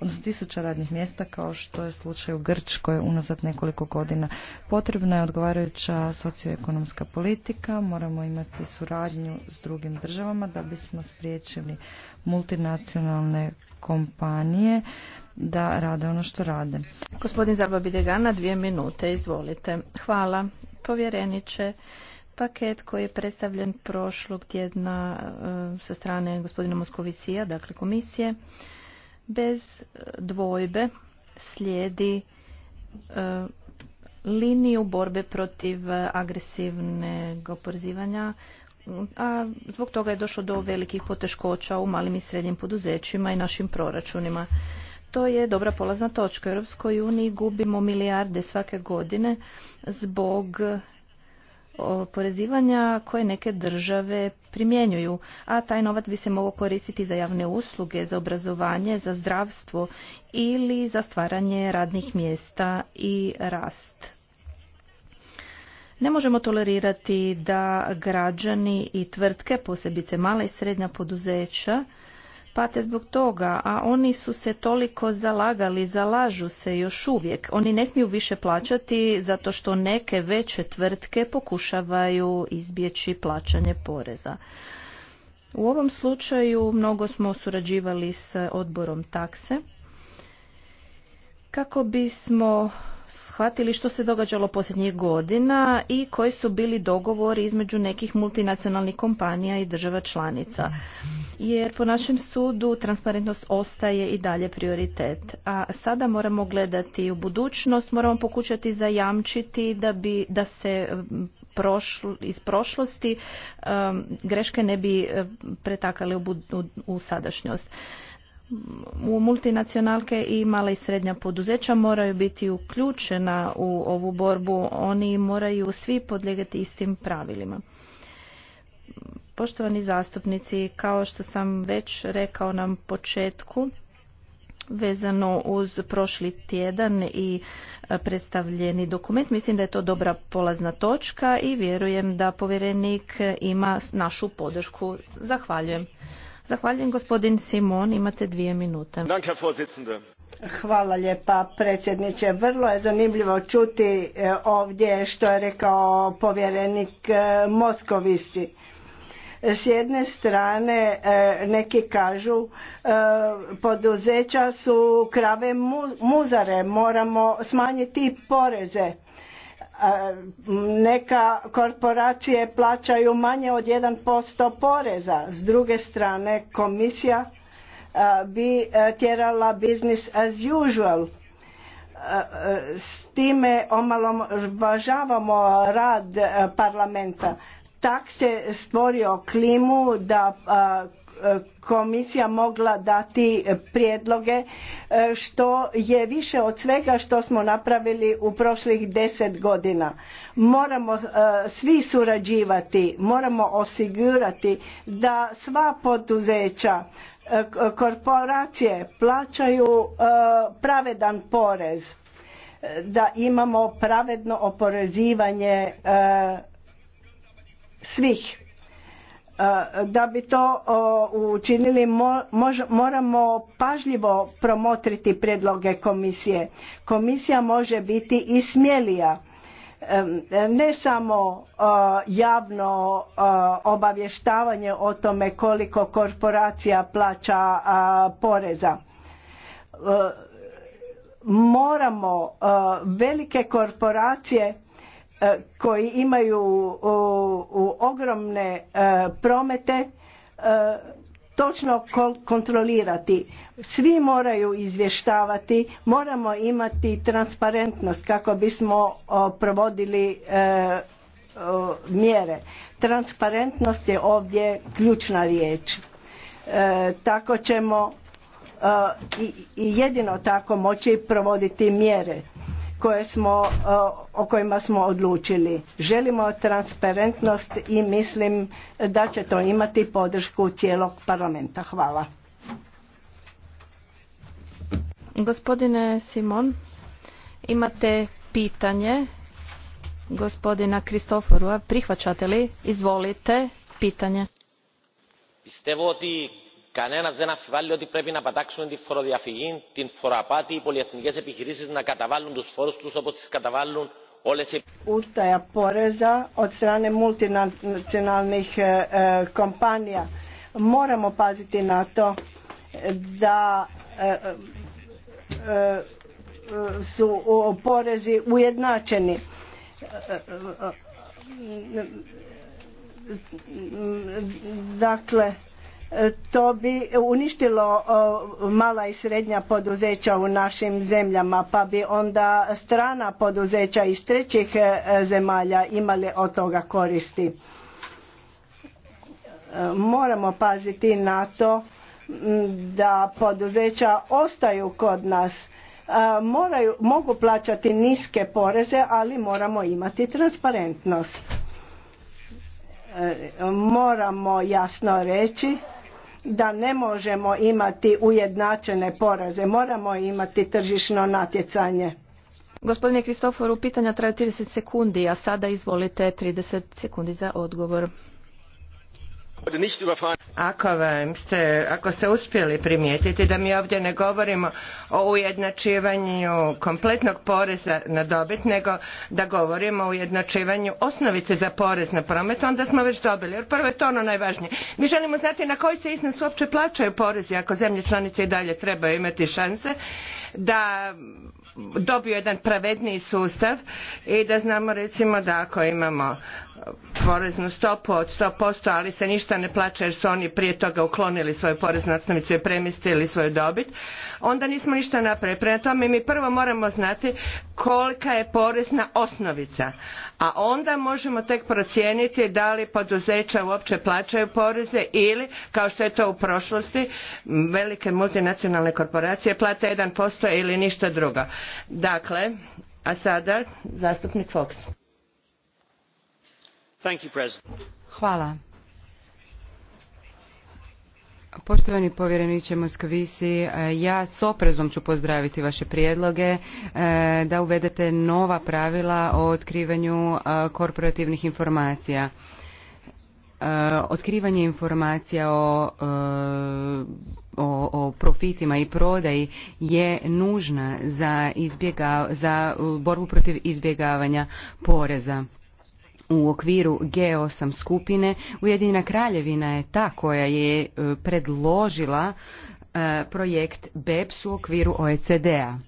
Speaker 2: odnosno tisuća radnih mjesta, kao što je slučaj u Grčkoj unazad nekoliko godina. Potrebna je odgovarajuća socioekonomska politika, moramo imati suradnju s drugim državama da bismo spriječili multinacionalne kompanije da rade ono što rade.
Speaker 3: Gospodin Zaba dvije minute, izvolite. Hvala, povjereniče. Paket koji je predstavljen prošlog tjedna e, sa strane gospodina Moskovicija, dakle komisije, bez dvojbe slijedi e, liniju borbe protiv agresivnog oporzivanja, a zbog toga je došlo do velikih poteškoća u malim i srednjim poduzećima i našim proračunima to je dobra polazna točka. U Europskoj uniji gubimo milijarde svake godine zbog oporezivanja koje neke države primjenjuju, a taj novac bi se mogao koristiti za javne usluge, za obrazovanje, za zdravstvo ili za stvaranje radnih mjesta i rast. Ne možemo tolerirati da građani i tvrtke, posebice mala i srednja poduzeća, pate zbog toga, a oni su se toliko zalagali, zalažu se još uvijek. Oni ne smiju više plaćati zato što neke veće tvrtke pokušavaju izbjeći plaćanje poreza. U ovom slučaju mnogo smo surađivali s odborom takse kako bismo shvatili što se događalo posljednjih godina i koji su bili dogovori između nekih multinacionalnih kompanija i država članica. Jer po našem sudu transparentnost ostaje i dalje prioritet. A sada moramo gledati u budućnost, moramo pokušati zajamčiti da, bi, da se iz prošlosti greške ne bi e, pretakale u, u sadašnjost u multinacionalke i mala i srednja poduzeća moraju biti uključena u ovu borbu. Oni moraju svi podlijegati istim pravilima. Poštovani zastupnici, kao što sam već rekao nam početku, vezano uz prošli tjedan i e, predstavljeni dokument. Mislim da je to dobra polazna točka i vjerujem da povjerenik ima našu podršku.
Speaker 1: Zahvaljujem. Zahvaljujem gospodin Simon, imate dvije minute. Hvala lijepa predsjedniče. Vrlo je zanimljivo čuti e, ovdje što je rekao povjerenik e, Moskovici. S jedne strane e, neki kažu poduzeća su krave muzare, moramo smanjiti poreze neka korporacije plaćaju manje od 1% poreza. S druge strane komisija bi tjerala business as usual. S time omalovažavamo rad parlamenta. Tak se stvorio klimu da komisija mogla dati prijedloge e, što je više od svega što smo napravili u prošlih deset godina. Moramo e, svi surađivati, moramo osigurati da sva poduzeća, e, korporacije plaćaju pravedan porez, da imamo pravedno oporezivanje svih Eh, da bi to eh, učinili moramo pažljivo promotriti predloge komisije. Komisija može biti i smjelija ne samo eh, javno obavještavanje o tome koliko korporacija plaća poreza. Moramo velike korporacije E, koji imaju ogromne e, promete e, točno kontrolirati. Svi moraju izvještavati, moramo imati transparentnost kako bismo provodili mjere. Transparentnost je ovdje ključna riječ. Tako ćemo i jedino tako moći provoditi mjere smo, eh, o kojima smo odlučili. Želimo transparentnost i mislim da će to imati podršku cijelog parlamenta. Hvala.
Speaker 3: Gospodine Simon, imate pitanje gospodina Kristoforua. Prihvaćate li? Izvolite, pitanje.
Speaker 4: Ste κανένα δεν αμφιβάλλει ότι πρέπει να πατάξουμε τη φοροδιαφυγή, την φοροαπάτη,
Speaker 5: οι πολυεθνικέ επιχειρήσει να καταβάλουν του φόρου του όπω τι καταβάλουν όλε οι.
Speaker 1: Utaja poreza od strane multinacionalnih kompanija. Moramo paziti na to da su porezi ujednačeni dakle E, to bi uništilo mala i srednja poduzeća u našim zemljama pa bi onda strana poduzeća iz trećih e, zemalja imale od toga koristi. E, moramo paziti na to da poduzeća ostaju kod nas. Moraju, mogu plaćati niske poreze, ali moramo imati transparentnost. E, moramo jasno reći da ne možemo imati ujednačene poraze, moramo imati tržišno natjecanje. Gospodine Kristoforu, pitanja traju 30 sekundi, a
Speaker 3: sada izvolite 30 sekundi za odgovor.
Speaker 4: Ako, ste, ako ste uspjeli primijetiti da mi ovdje ne govorimo o ujednačivanju kompletnog poreza na dobit, nego da govorimo o ujednačivanju osnovice za porez na promet, onda smo već dobili. Jer prvo je to ono najvažnije. Mi želimo znati na koji se iznos uopće plaćaju porezi ako zemlje članice i dalje trebaju imati šanse da dobiju jedan pravedniji sustav i da znamo recimo da ako imamo poreznu stopu od 100%, ali se ništa ne plaća jer su oni prije toga uklonili svoje poreznu osnovicu i premjestili svoju dobit, onda nismo ništa napravili. Prema tome mi prvo moramo znati kolika je porezna osnovica, a onda možemo tek procijeniti da li poduzeća uopće plaćaju poreze ili, kao što je to u prošlosti, velike multinacionalne korporacije plate 1% ili ništa drugo. Dakle, a sada zastupnik Fox.
Speaker 6: Hvala. Poštovani povjereniče Moskvisi, e, ja s oprezom ću pozdraviti vaše prijedloge e, da uvedete nova pravila o otkrivanju e, korporativnih informacija. Otkrivanje informacija o, profitima i prodaji je nužna za borbu protiv izbjegavanja poreza u okviru G8 skupine. Ujedinjena kraljevina je ta koja je e, predložila e, projekt BEPS u okviru OECD-a.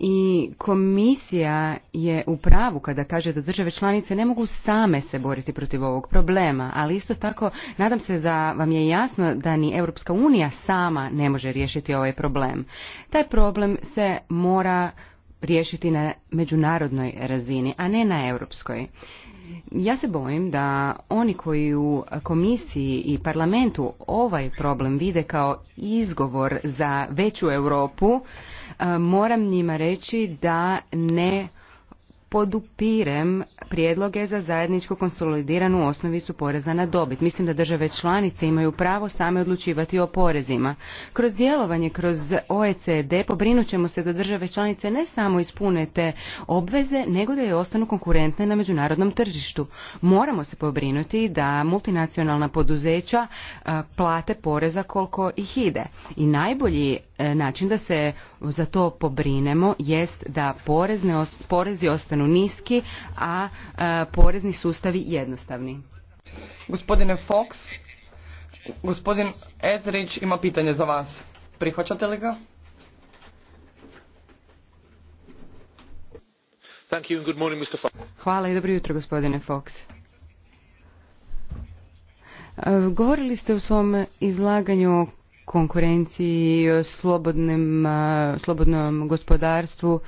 Speaker 6: I komisija je u pravu kada kaže da države članice ne mogu same se boriti protiv ovog problema, ali isto tako nadam se da vam je jasno da ni Europska unija sama ne može riješiti ovaj problem. Taj problem se mora riješiti na međunarodnoj razini, a ne na europskoj. Ja se bojim da oni koji u komisiji i parlamentu ovaj problem vide kao izgovor za veću Europu, e, moram njima reći da ne podupirem prijedloge za zajedničku konsolidiranu osnovicu poreza na dobit. Mislim da države članice imaju pravo same odlučivati o porezima. Kroz djelovanje, kroz OECD pobrinut ćemo se da države članice ne samo ispune te obveze, nego da je ostanu konkurentne na međunarodnom tržištu. Moramo se pobrinuti da multinacionalna poduzeća plate poreza koliko ih ide. I najbolji e, način da se za to pobrinemo jest da porezi ostanu postanu niski, a e, porezni sustavi jednostavni. Gospodine Fox,
Speaker 5: gospodin Ezrić ima pitanje za vas. Prihvaćate li ga?
Speaker 6: Hvala i dobro jutro gospodine Fox. E, govorili ste u svom izlaganju o konkurenciji, o e, slobodnom gospodarstvu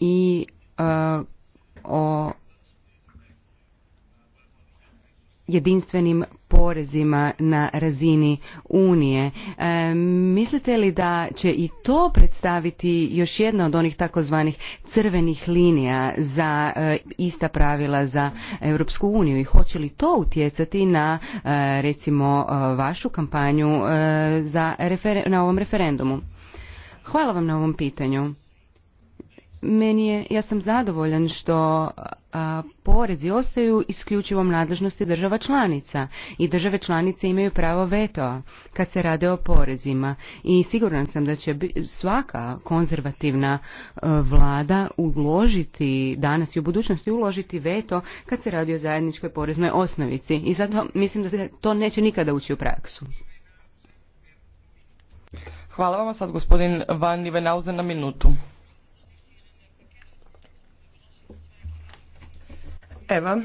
Speaker 6: i e, o jedinstvenim porezima na razini unije e, mislite li da će i to predstaviti još jedna od onih takozvanih crvenih linija za e, ista pravila za europsku uniju i hoće li to utjecati na recimo vašu kampanju za na ovom referendumu hvala vam na ovom pitanju meni je, ja sam zadovoljan što porezi ostaju u nadležnosti država članica i države članice imaju pravo veto kad se rade o porezima i siguran sam da će svaka konzervativna e, vlada uložiti danas i u budućnosti uložiti veto kad se radi o zajedničkoj poreznoj osnovici i zato mislim da se to neće nikada ući u praksu.
Speaker 5: Hvala vam sad gospodin Van Ivenauze na minutu.
Speaker 4: Evo,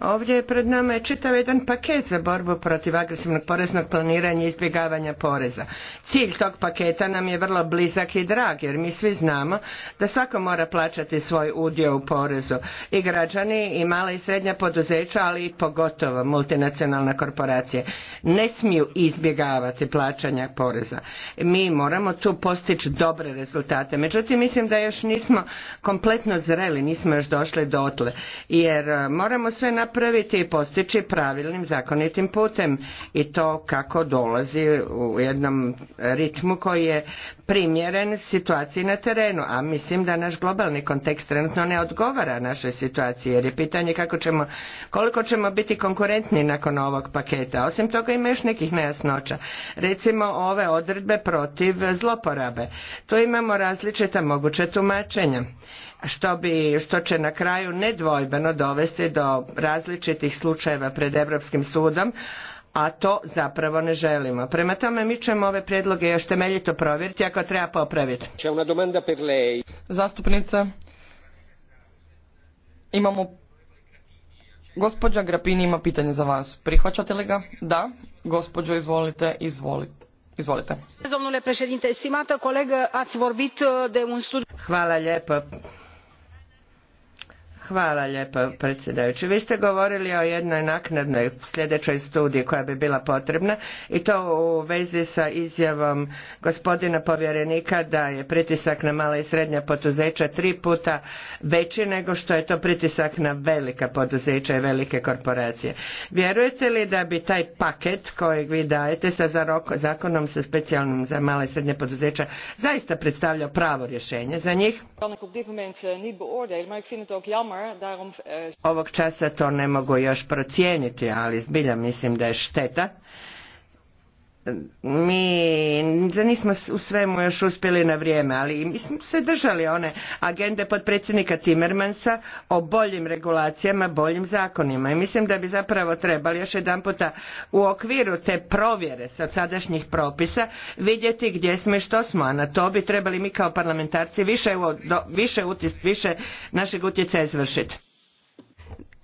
Speaker 4: Ovdje je pred nama je čitav jedan paket za borbu protiv agresivnog poreznog planiranja i izbjegavanja poreza. Cilj tog paketa nam je vrlo blizak i drag jer mi svi znamo da svako mora plaćati svoj udio u porezu. I građani i mala i srednja poduzeća, ali i pogotovo multinacionalna korporacije ne smiju izbjegavati plaćanja poreza. Mi moramo tu postići dobre rezultate. Međutim, mislim da još nismo kompletno zreli, nismo još došli dotle jer e, moramo sve napraviti napraviti i postići pravilnim zakonitim putem i to kako dolazi u jednom ritmu koji je primjeren situaciji na terenu, a mislim da naš globalni kontekst trenutno ne odgovara našoj situaciji jer je pitanje kako ćemo, koliko ćemo biti konkurentni nakon ovog paketa. Osim toga ima još nekih nejasnoća. Recimo ove odredbe protiv zloporabe. Tu imamo različita moguća tumačenja što, bi, što će na kraju nedvojbeno dovesti do različitih slučajeva pred Europskim sudom, a to zapravo ne želimo. Prema tome mi ćemo ove prijedloge još temeljito provjeriti ako treba popraviti. zastupnica
Speaker 5: imamo Gospođa Grapini ima pitanje za vas. Prihvaćate li ga? Da. Gospođo, izvolite, izvolite. Izvolite.
Speaker 7: Domnule președinte, ați vorbit uh, de un studiu... Hvala lijepa.
Speaker 4: Hvala lijepo predsjedajući. Vi ste govorili o jednoj naknadnoj sljedećoj studiji koja bi bila potrebna i to u vezi sa izjavom gospodina povjerenika da je pritisak na mala i srednja poduzeća tri puta veći nego što je to pritisak na velika poduzeća i velike korporacije. Vjerujete li da bi taj paket kojeg vi dajete sa zakonom sa specijalnim za mala i srednja poduzeća zaista predstavljao pravo rješenje za njih? E, Ovog časa to ne mogu još procijeniti, ali zbilja mislim da je šteta mi nismo u svemu još uspjeli na vrijeme, ali mi smo se držali one agende potpredsjednika Timmermansa o boljim regulacijama, boljim zakonima i mislim da bi zapravo trebali još jedan puta u okviru te provjere sa sadašnjih propisa vidjeti gdje smo i što smo, a na to bi trebali mi kao parlamentarci više, više, utis, više našeg utjecaja izvršiti.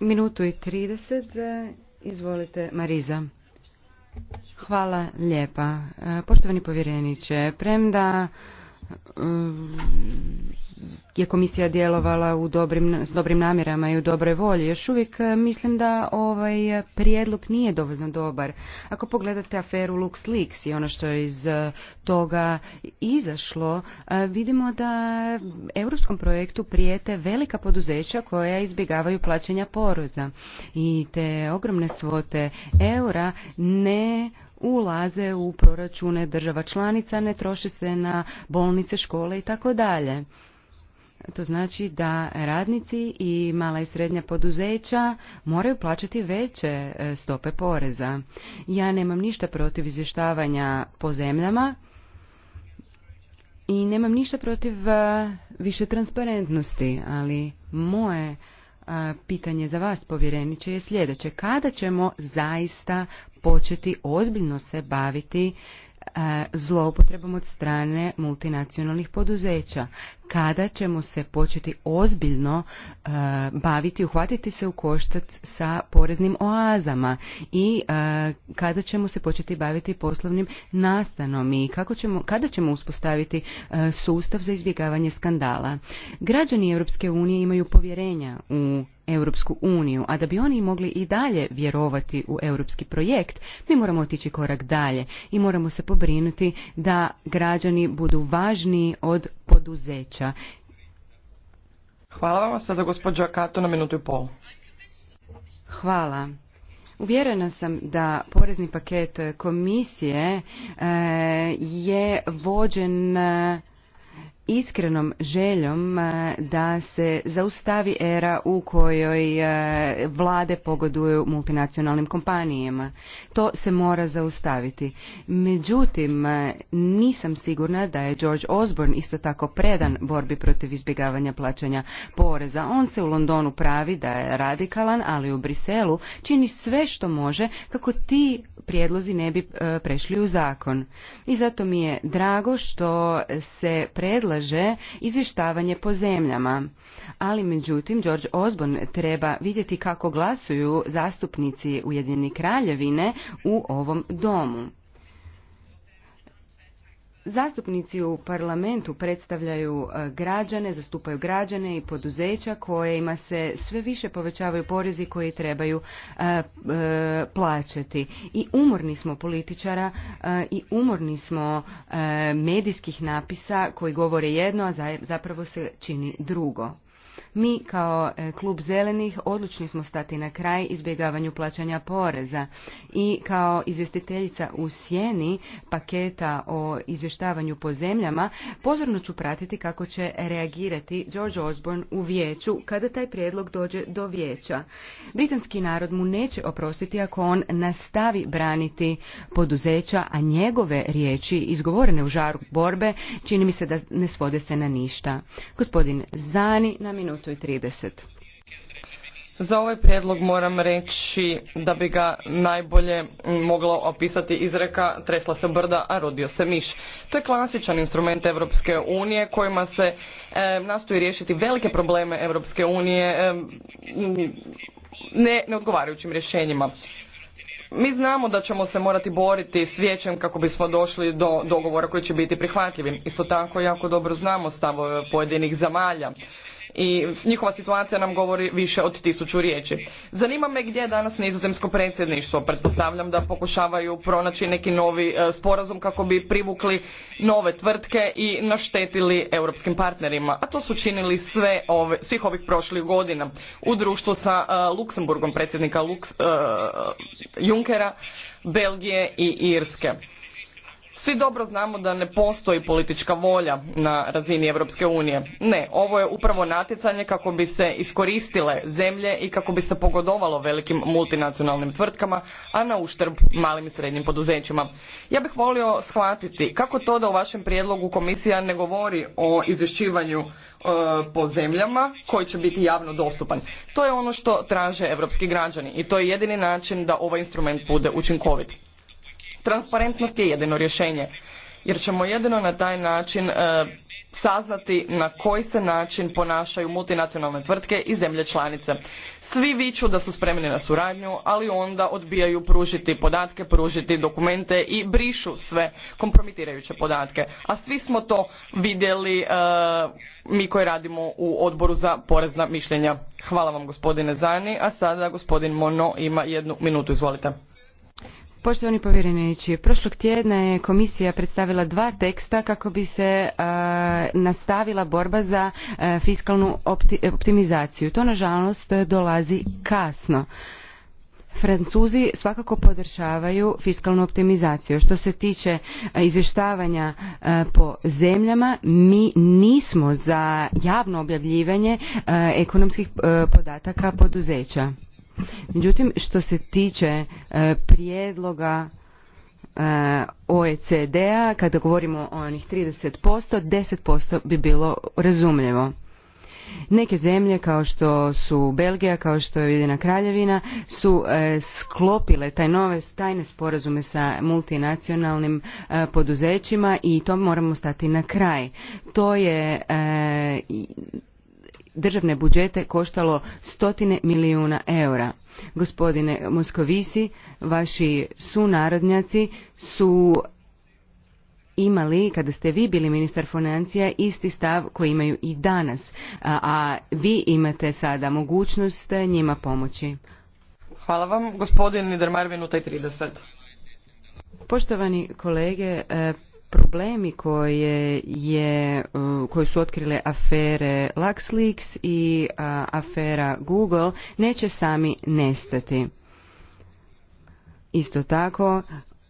Speaker 6: Minutu i 30, izvolite Mariza. Hvala lijepa. E, poštovani povjereniče, premda je komisija djelovala u dobrim, s dobrim namjerama i u dobroj volji. Još uvijek e, mislim da ovaj prijedlog nije dovoljno dobar. Ako pogledate aferu LuxLeaks i ono što je iz e, toga izašlo, e, vidimo da europskom projektu prijete velika poduzeća koja izbjegavaju plaćanja poreza i te ogromne svote eura ne ulaze u proračune država članica, ne troše se na bolnice, škole i tako dalje. To znači da radnici i mala i srednja poduzeća moraju plaćati veće e, stope poreza. Ja nemam ništa protiv izvještavanja po zemljama i nemam ništa protiv e, više transparentnosti, ali moje e, pitanje za vas, povjereniče, je sljedeće. Kada ćemo zaista početi ozbiljno se baviti e, zloupotrebom od strane multinacionalnih poduzeća kada ćemo se početi ozbiljno e, baviti, uhvatiti se u koštac sa poreznim oazama i e, kada ćemo se početi baviti poslovnim nastanom i kako ćemo, kada ćemo uspostaviti e, sustav za izbjegavanje skandala. Građani Europske unije imaju povjerenja u Europsku uniju, a da bi oni mogli i dalje vjerovati u europski projekt, mi moramo otići korak dalje i moramo se pobrinuti da građani budu važniji od poduzeća vijeća. Hvala vam sada gospođa Kato na minutu i pol. Hvala. Uvjerena sam da porezni paket komisije e, je vođen iskrenom željom eh, da se zaustavi era u kojoj eh, vlade pogoduju multinacionalnim kompanijama. To se mora zaustaviti. Međutim, eh, nisam sigurna da je George Osborne isto tako predan borbi protiv izbjegavanja plaćanja poreza. On se u Londonu pravi da je radikalan, ali u Briselu čini sve što može kako ti prijedlozi ne bi prešli u zakon. I zato mi je drago što se predlaže predlaže izvještavanje po zemljama. Ali međutim, George Osborne treba vidjeti kako glasuju zastupnici Ujedinjene kraljevine u ovom domu. Zastupnici u parlamentu predstavljaju e, građane, zastupaju građane i poduzeća kojima se sve više povećavaju porezi koji trebaju e, e, plaćati. I umorni smo političara i umorni smo medijskih napisa koji govore jedno, a zapravo se čini drugo. Mi kao e, klub zelenih odlučni smo stati na kraj izbjegavanju plaćanja poreza i kao izvjestiteljica u sjeni paketa o izvještavanju po zemljama pozorno ću pratiti kako će reagirati George Osborne u vijeću kada taj prijedlog dođe do vijeća. Britanski narod mu neće oprostiti ako on nastavi braniti poduzeća, a njegove riječi izgovorene u žaru borbe čini mi se da ne svode se na ništa. Gospodin Zani na minutu minutu 30.
Speaker 5: Za ovaj prijedlog moram reći da bi ga najbolje moglo opisati izreka tresla se brda, a rodio se miš. To je klasičan instrument Europske unije kojima se e, nastoji riješiti velike probleme Europske unije e, ne, neodgovarajućim rješenjima. Mi znamo da ćemo se morati boriti s vijećem kako bismo došli do dogovora koji će biti prihvatljivi. Isto tako jako dobro znamo stavove pojedinih zamalja i njihova situacija nam govori više od tisuću riječi. Zanima me gdje je danas nizozemsko predsjedništvo. Pretpostavljam da pokušavaju pronaći neki novi e, sporazum kako bi privukli nove tvrtke i naštetili europskim partnerima. A to su činili sve ove, svih ovih prošlih godina. U društvu sa e, Luksemburgom predsjednika e, Junckera, Junkera, Belgije i Irske svi dobro znamo da ne postoji politička volja na razini Europske unije. Ne, ovo je upravo natjecanje kako bi se iskoristile zemlje i kako bi se pogodovalo velikim multinacionalnim tvrtkama, a na uštrb malim i srednjim poduzećima. Ja bih volio shvatiti kako to da u vašem prijedlogu komisija ne govori o izvješćivanju e, po zemljama koji će biti javno dostupan. To je ono što traže europski građani i to je jedini način da ovaj instrument bude učinkovit transparentnost je jedino rješenje jer ćemo jedino na taj način e, saznati na koji se način ponašaju multinacionalne tvrtke i zemlje članice. Svi viču da su spremni na suradnju, ali onda odbijaju pružiti podatke, pružiti dokumente i brišu sve kompromitirajuće podatke. A svi smo to vidjeli e, mi koji radimo u odboru za porezna mišljenja. Hvala vam gospodine Zani, a sada gospodin Mono ima jednu minutu, izvolite.
Speaker 6: Poštovani povjereniči, prošlog tjedna je komisija predstavila dva teksta kako bi se e, nastavila borba za e, fiskalnu optimizaciju. To nažalost dolazi kasno. Francuzi svakako podršavaju fiskalnu optimizaciju. Što se tiče e, izvještavanja po zemljama, mi nismo za javno objavljivanje ekonomskih podataka poduzeća. Međutim, što se tiče e, prijedloga e, OECD-a, kada govorimo o onih 30%, 10% bi bilo razumljivo. Neke zemlje kao što su Belgija, kao što je Ujedina Kraljevina su e, sklopile taj nove tajne sporazume sa multinacionalnim poduzećima i to moramo stati na kraj. To je državne budžete koštalo stotine milijuna eura. Gospodine Moskovisi, vaši sunarodnjaci su imali kada ste vi bili ministar financija isti stav koji imaju i danas, a, vi imate sada mogućnost njima pomoći.
Speaker 5: Hvala vam, gospodin 30.
Speaker 6: Poštovani kolege, eh, problemi koje je, su otkrile afere LuxLeaks i afera Google neće sami nestati. Isto tako,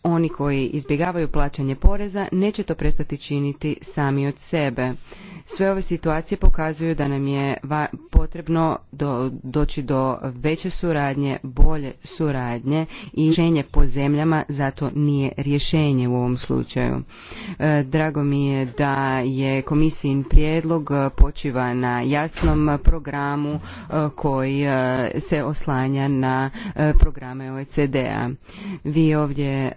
Speaker 6: oni koji izbjegavaju plaćanje poreza neće to prestati činiti sami od sebe. Sve ove situacije pokazuju da nam je potrebno doći do veće suradnje, bolje suradnje i rješenje po zemljama zato nije rješenje u ovom slučaju. E, drago mi je da je komisijin prijedlog e, počiva na jasnom programu e, koji se oslanja na programe OECD-a. Vi ovdje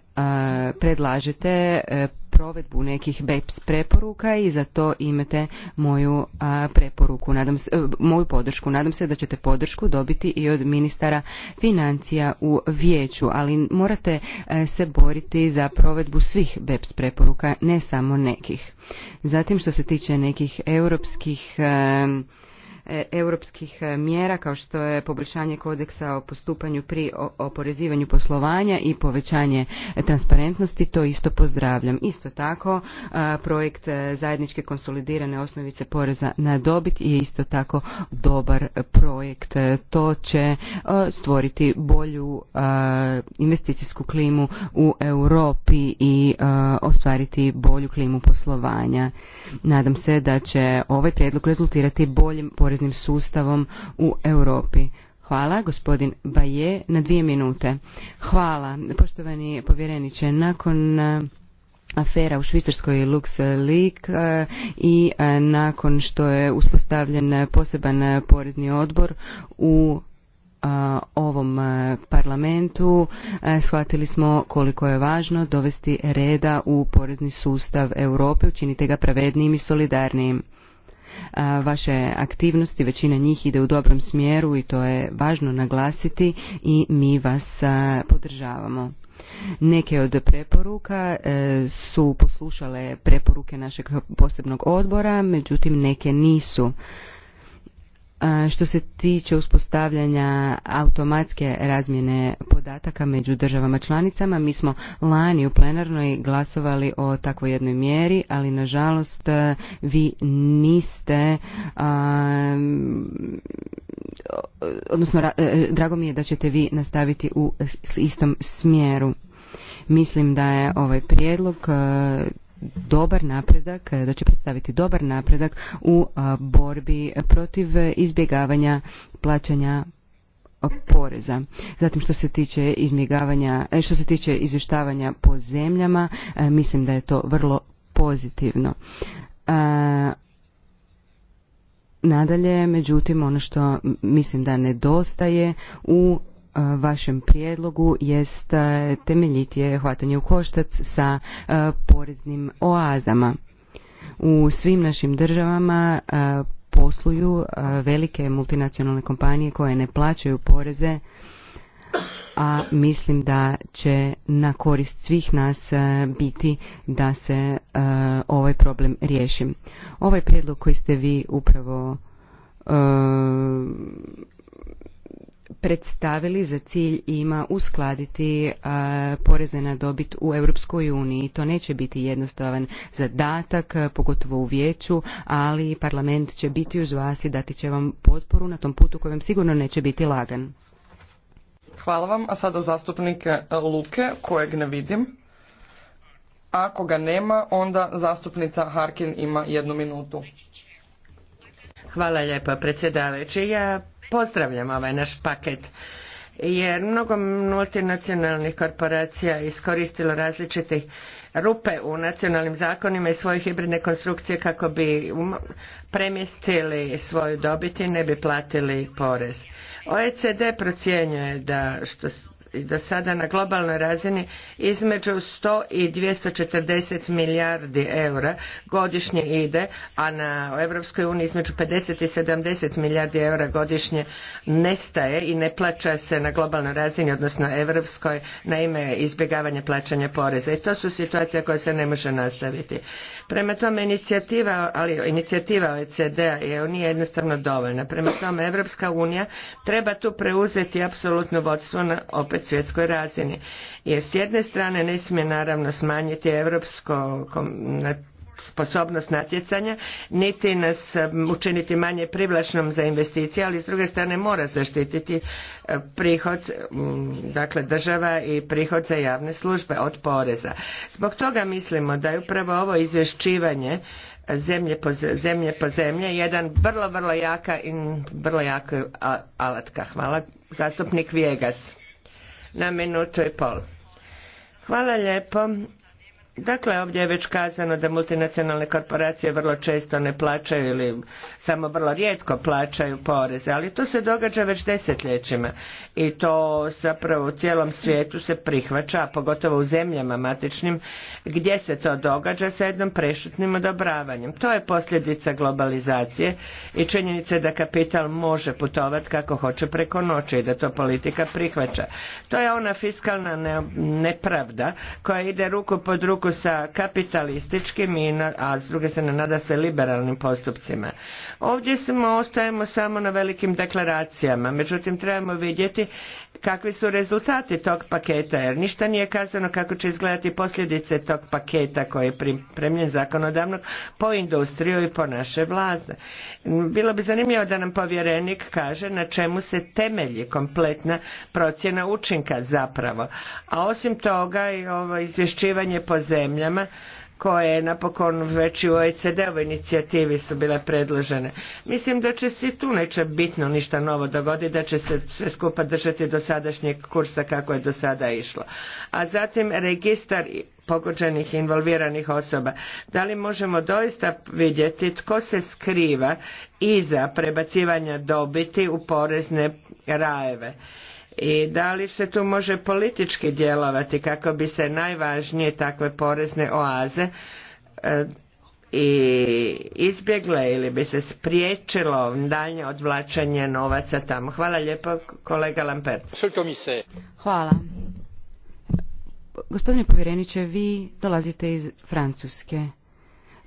Speaker 6: predlažete e, provedbu nekih BEPS preporuka i za to imate moju preporuku, nadam se, e, moju podršku. Nadam se da ćete podršku dobiti i od ministara financija u vijeću, ali morate e, se boriti za provedbu svih BEPS preporuka, ne samo nekih. Zatim što se tiče nekih europskih E, europskih e, mjera kao što je poboljšanje kodeksa o postupanju pri oporezivanju poslovanja i povećanje e, transparentnosti, to isto pozdravljam. Isto tako projekt zajedničke konsolidirane osnovice poreza na dobit je isto tako dobar projekt. To će stvoriti bolju investicijsku klimu u Europi i ostvariti bolju klimu poslovanja. Nadam se da će ovaj prijedlog rezultirati boljim poreznim sustavom u Europi. Hvala, gospodin Baje, na dvije minute. Hvala, poštovani povjereniče, nakon eh, afera u Švicarskoj Lux LuxLeak eh, i eh, nakon što je uspostavljen poseban porezni odbor u ovom parlamentu shvatili smo koliko je važno dovesti reda u porezni sustav Europe, učinite ga pravednijim i solidarnijim vaše aktivnosti, većina njih ide u dobrom smjeru i to je važno naglasiti i mi vas podržavamo. Neke od preporuka e, su poslušale preporuke našeg posebnog odbora, međutim neke nisu što se tiče uspostavljanja automatske razmjene podataka među državama članicama, mi smo lani u plenarnoj glasovali o takvoj jednoj mjeri, ali nažalost vi niste, odnosno e, drago mi je da ćete vi nastaviti u istom smjeru. Mislim da je ovaj prijedlog dobar napredak, da će predstaviti dobar napredak u borbi protiv izbjegavanja plaćanja poreza. Zatim što se tiče izbjegavanja, e, što se tiče izvještavanja po zemljama, e, mislim da je to vrlo pozitivno. Nadalje, međutim, ono što mislim da nedostaje u vašem prijedlogu jest temeljitije hvatanje u koštac sa poreznim oazama. U svim našim državama posluju velike multinacionalne kompanije koje ne plaćaju poreze, a mislim da će na korist svih nas biti da se ovaj problem riješi. Ovaj prijedlog koji ste vi upravo predstavili za cilj ima uskladiti e, poreze na dobit u Europskoj uniji. To neće biti jednostavan zadatak, e, pogotovo u vijeću, ali parlament će biti uz vas i dati će vam potporu na tom putu kojem sigurno neće biti lagan.
Speaker 5: Hvala vam, a sada zastupnike Luke, kojeg ne vidim. Ako ga nema, onda zastupnica Harkin ima jednu minutu.
Speaker 4: Hvala lijepa, predsjedavajući. Ja pozdravljam ovaj naš paket jer mnogo multinacionalnih korporacija iskoristilo različite rupe u nacionalnim zakonima i svoje hibridne konstrukcije kako bi um, premjestili svoju dobit i ne bi platili porez. OECD procjenjuje da što do sada na globalnoj razini između 100 i 240 milijardi eura godišnje ide, a na Europskoj uniji između 50 i 70 milijardi eura godišnje nestaje i ne plaća se na globalnoj razini, odnosno europskoj, na ime izbjegavanja plaćanja poreza. I to su situacije koje se ne može nastaviti. Prema tome, inicijativa, ali inicijativa OECD-a je nije jednostavno dovoljna. Prema tome, Europska unija treba tu preuzeti apsolutno vodstvo na, opet svjetskoj razini. Jer s jedne strane ne smije naravno smanjiti europsko sposobnost natjecanja, niti nas um, učiniti manje privlačnom za investicije, ali s druge strane mora zaštititi uh, prihod um, dakle država i prihod za javne službe od poreza. Zbog toga mislimo da je upravo ovo izvješćivanje zemlje po zemlje, po zemlje jedan vrlo, vrlo jaka i vrlo jaka alatka. Hvala. Zastupnik Vijegas na minutu i pol. Hvala lijepo. Dakle, ovdje je već kazano da multinacionalne korporacije vrlo često ne plaćaju ili samo vrlo rijetko plaćaju poreze, ali to se događa već desetljećima i to zapravo u cijelom svijetu se prihvaća, a pogotovo u zemljama matičnim gdje se to događa sa jednom prešutnim odobravanjem. To je posljedica globalizacije i činjenica da kapital može putovati kako hoće preko noći i da to politika prihvaća. To je ona fiskalna nepravda koja ide ruku pod ruku sa kapitalističkim, i a s druge strane nada se liberalnim postupcima. Ovdje smo, ostajemo samo na velikim deklaracijama, međutim trebamo vidjeti kakvi su rezultati tog paketa, jer ništa nije kazano kako će izgledati posljedice tog paketa koji je pripremljen zakonodavnog po industriju i po naše vlade. Bilo bi zanimljivo da nam povjerenik kaže na čemu se temelji kompletna procjena učinka zapravo. A osim toga i ovo izvješćivanje po zemljama koje je napokon već i u OECD-ovoj inicijativi su bile predložene. Mislim da će se tu neće bitno ništa novo dogoditi, da će se sve skupa držati do sadašnjeg kursa kako je do sada išlo. A zatim registar pogođenih involviranih osoba. Da li možemo doista vidjeti tko se skriva iza prebacivanja dobiti u porezne rajeve? i da li se tu može politički djelovati kako bi se najvažnije takve porezne oaze e, i izbjegle ili bi se spriječilo daljnje odvlačenje novaca tamo. Hvala lijepo kolega Lampert.
Speaker 6: Hvala. Gospodine povjereniče, vi dolazite iz Francuske.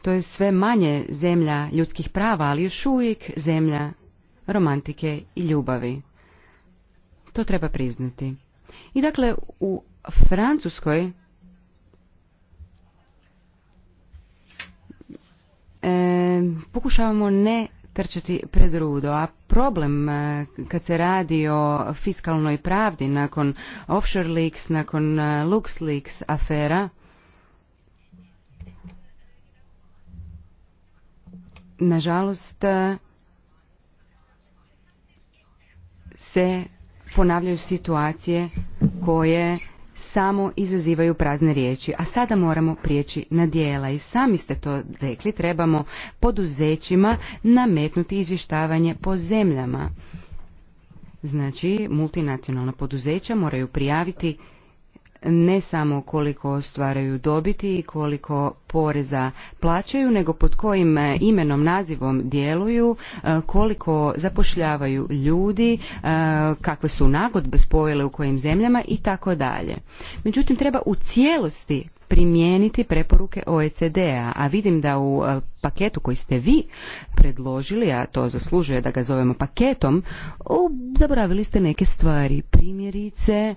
Speaker 6: To je sve manje zemlja ljudskih prava, ali još uvijek zemlja romantike i ljubavi. To treba priznati. I dakle, u Francuskoj e, pokušavamo ne trčati pred rudo, a problem e, kad se radi o fiskalnoj pravdi nakon offshore leaks, nakon e, lux leaks afera, nažalost e, se ponavljaju situacije koje samo izazivaju prazne riječi, a sada moramo prijeći na dijela i sami ste to rekli, trebamo poduzećima nametnuti izvještavanje po zemljama. Znači, multinacionalna poduzeća moraju prijaviti ne samo koliko ostvaraju dobiti i koliko poreza plaćaju, nego pod kojim e, imenom, nazivom djeluju, e, koliko zapošljavaju ljudi, e, kakve su nagodbe spojile u kojim zemljama i tako dalje. Međutim, treba u cijelosti primijeniti preporuke OECD-a, a vidim da u paketu koji ste vi predložili, a to zaslužuje da ga zovemo paketom, zaboravili ste neke stvari, primjerice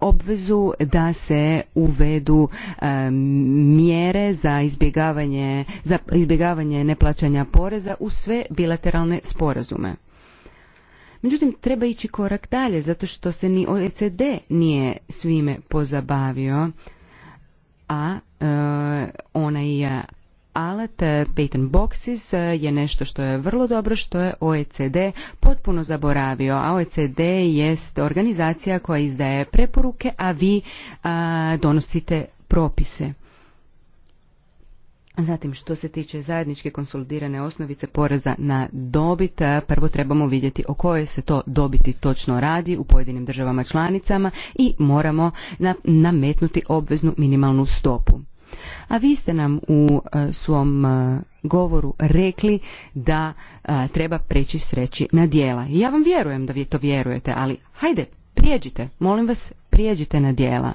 Speaker 6: obvezu da se uvedu e, mjere za izbjegavanje, za izbjegavanje neplaćanja poreza u sve bilateralne sporazume. Međutim, treba ići korak dalje, zato što se ni OECD nije svime pozabavio, a e, onaj alat eh, patent boxes eh, je nešto što je vrlo dobro što je OECD potpuno zaboravio, a OECD jest organizacija koja izdaje preporuke, a vi eh, donosite propise. Zatim, što se tiče zajedničke konsolidirane osnovice poreza na dobit, prvo trebamo vidjeti o kojoj se to dobiti točno radi u pojedinim državama članicama i moramo nametnuti obveznu minimalnu stopu. A vi ste nam u e, svom e, govoru rekli da e, treba preći sreći na dijela. ja vam vjerujem da vi to vjerujete, ali hajde, prijeđite, molim vas, prijeđite na dijela.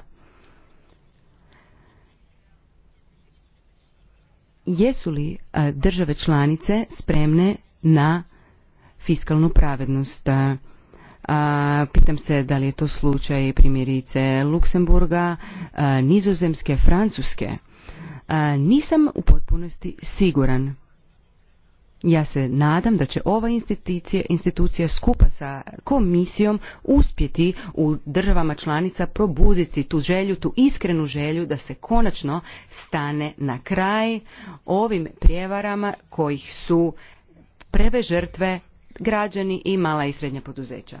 Speaker 6: Jesu li države članice spremne na fiskalnu pravednost? pitam se da li je to slučaj primjerice Luksemburga, Nizozemske, Francuske nisam u potpunosti siguran. Ja se nadam da će ova institucija, institucija skupa sa komisijom uspjeti u državama članica probuditi tu želju, tu iskrenu želju da se konačno stane na kraj ovim prijevarama kojih su preve žrtve građani i mala i srednja poduzeća.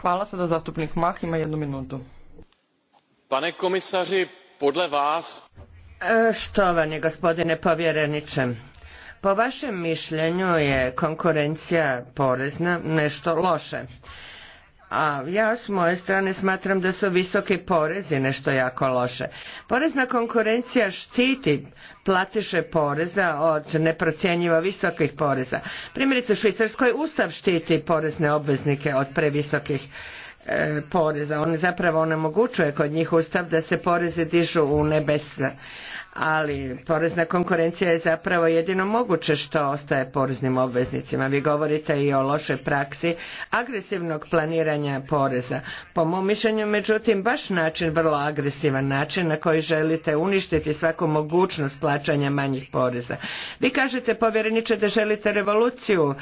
Speaker 6: Hvala sada zastupnik Mah ima jednu minutu.
Speaker 5: Pane komisaři, podle vas...
Speaker 4: E, štovani gospodine povjereniče, po vašem mišljenju je konkurencija porezna nešto loše. A ja s moje strane smatram da su visoki porezi nešto jako loše. Porezna konkurencija štiti platiše poreza od neprocjenjivo visokih poreza. Primjerice Švicarskoj Ustav štiti porezne obveznike od previsokih E, poreza. On zapravo onemogućuje kod njih ustav da se poreze dižu u nebesa ali porezna konkurencija je zapravo jedino moguće što ostaje poreznim obveznicima. Vi govorite i o lošoj praksi agresivnog planiranja poreza. Po mom mišljenju, međutim, baš način, vrlo agresivan način na koji želite uništiti svaku mogućnost plaćanja manjih poreza. Vi kažete, povjereniče, da želite revoluciju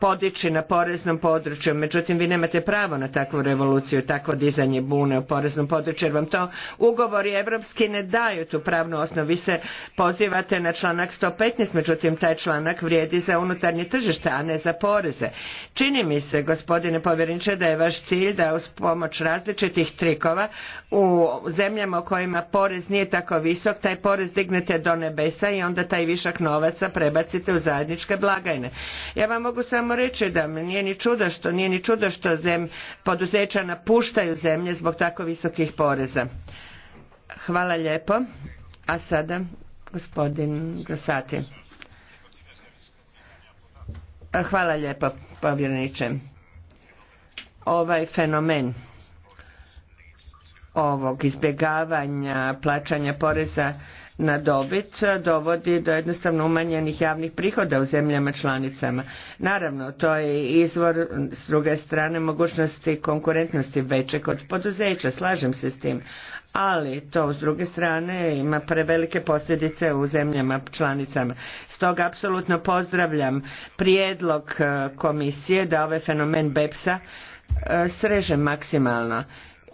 Speaker 4: podići na poreznom području, međutim, vi nemate pravo na takvu revoluciju, takvo dizanje bune u poreznom području, jer vam to ugovori evropski ne daju tu pravnu pravnoj osnovi se pozivate na članak 115, međutim taj članak vrijedi za unutarnje tržište, a ne za poreze. Čini mi se, gospodine povjereniče, da je vaš cilj da uz pomoć različitih trikova u zemljama u kojima porez nije tako visok, taj porez dignete do nebesa i onda taj višak novaca prebacite u zajedničke blagajne. Ja vam mogu samo reći da nije ni čudo što, nije ni čudo što zem, poduzeća napuštaju zemlje zbog tako visokih poreza. Hvala lijepo. A sada gospodin Grosati. Hvala lijepo, povjerniče. Ovaj fenomen ovog izbjegavanja plaćanja poreza na dobit dovodi do jednostavno umanjenih javnih prihoda u zemljama članicama. Naravno, to je izvor s druge strane mogućnosti konkurentnosti veće kod poduzeća, slažem se s tim ali to s druge strane ima prevelike posljedice u zemljama članicama. Stoga apsolutno pozdravljam prijedlog e, komisije da ovaj fenomen BEPS-a e, sreže maksimalno.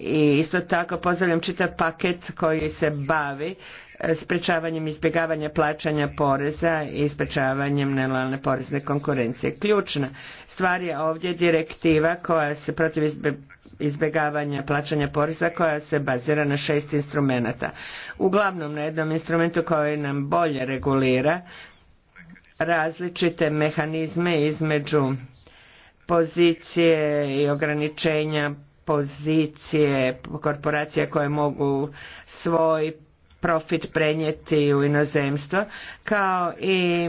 Speaker 4: I isto tako pozdravljam čitav paket koji se bavi e, sprečavanjem izbjegavanja plaćanja poreza i sprečavanjem nelalne porezne konkurencije. Ključna stvar je ovdje direktiva koja se protiv izbjegavanja izbjegavanja plaćanja poreza koja se bazira na šest instrumenata. Uglavnom na jednom instrumentu koji nam bolje regulira različite mehanizme između pozicije i ograničenja pozicije korporacija koje mogu svoj profit prenijeti u inozemstvo kao i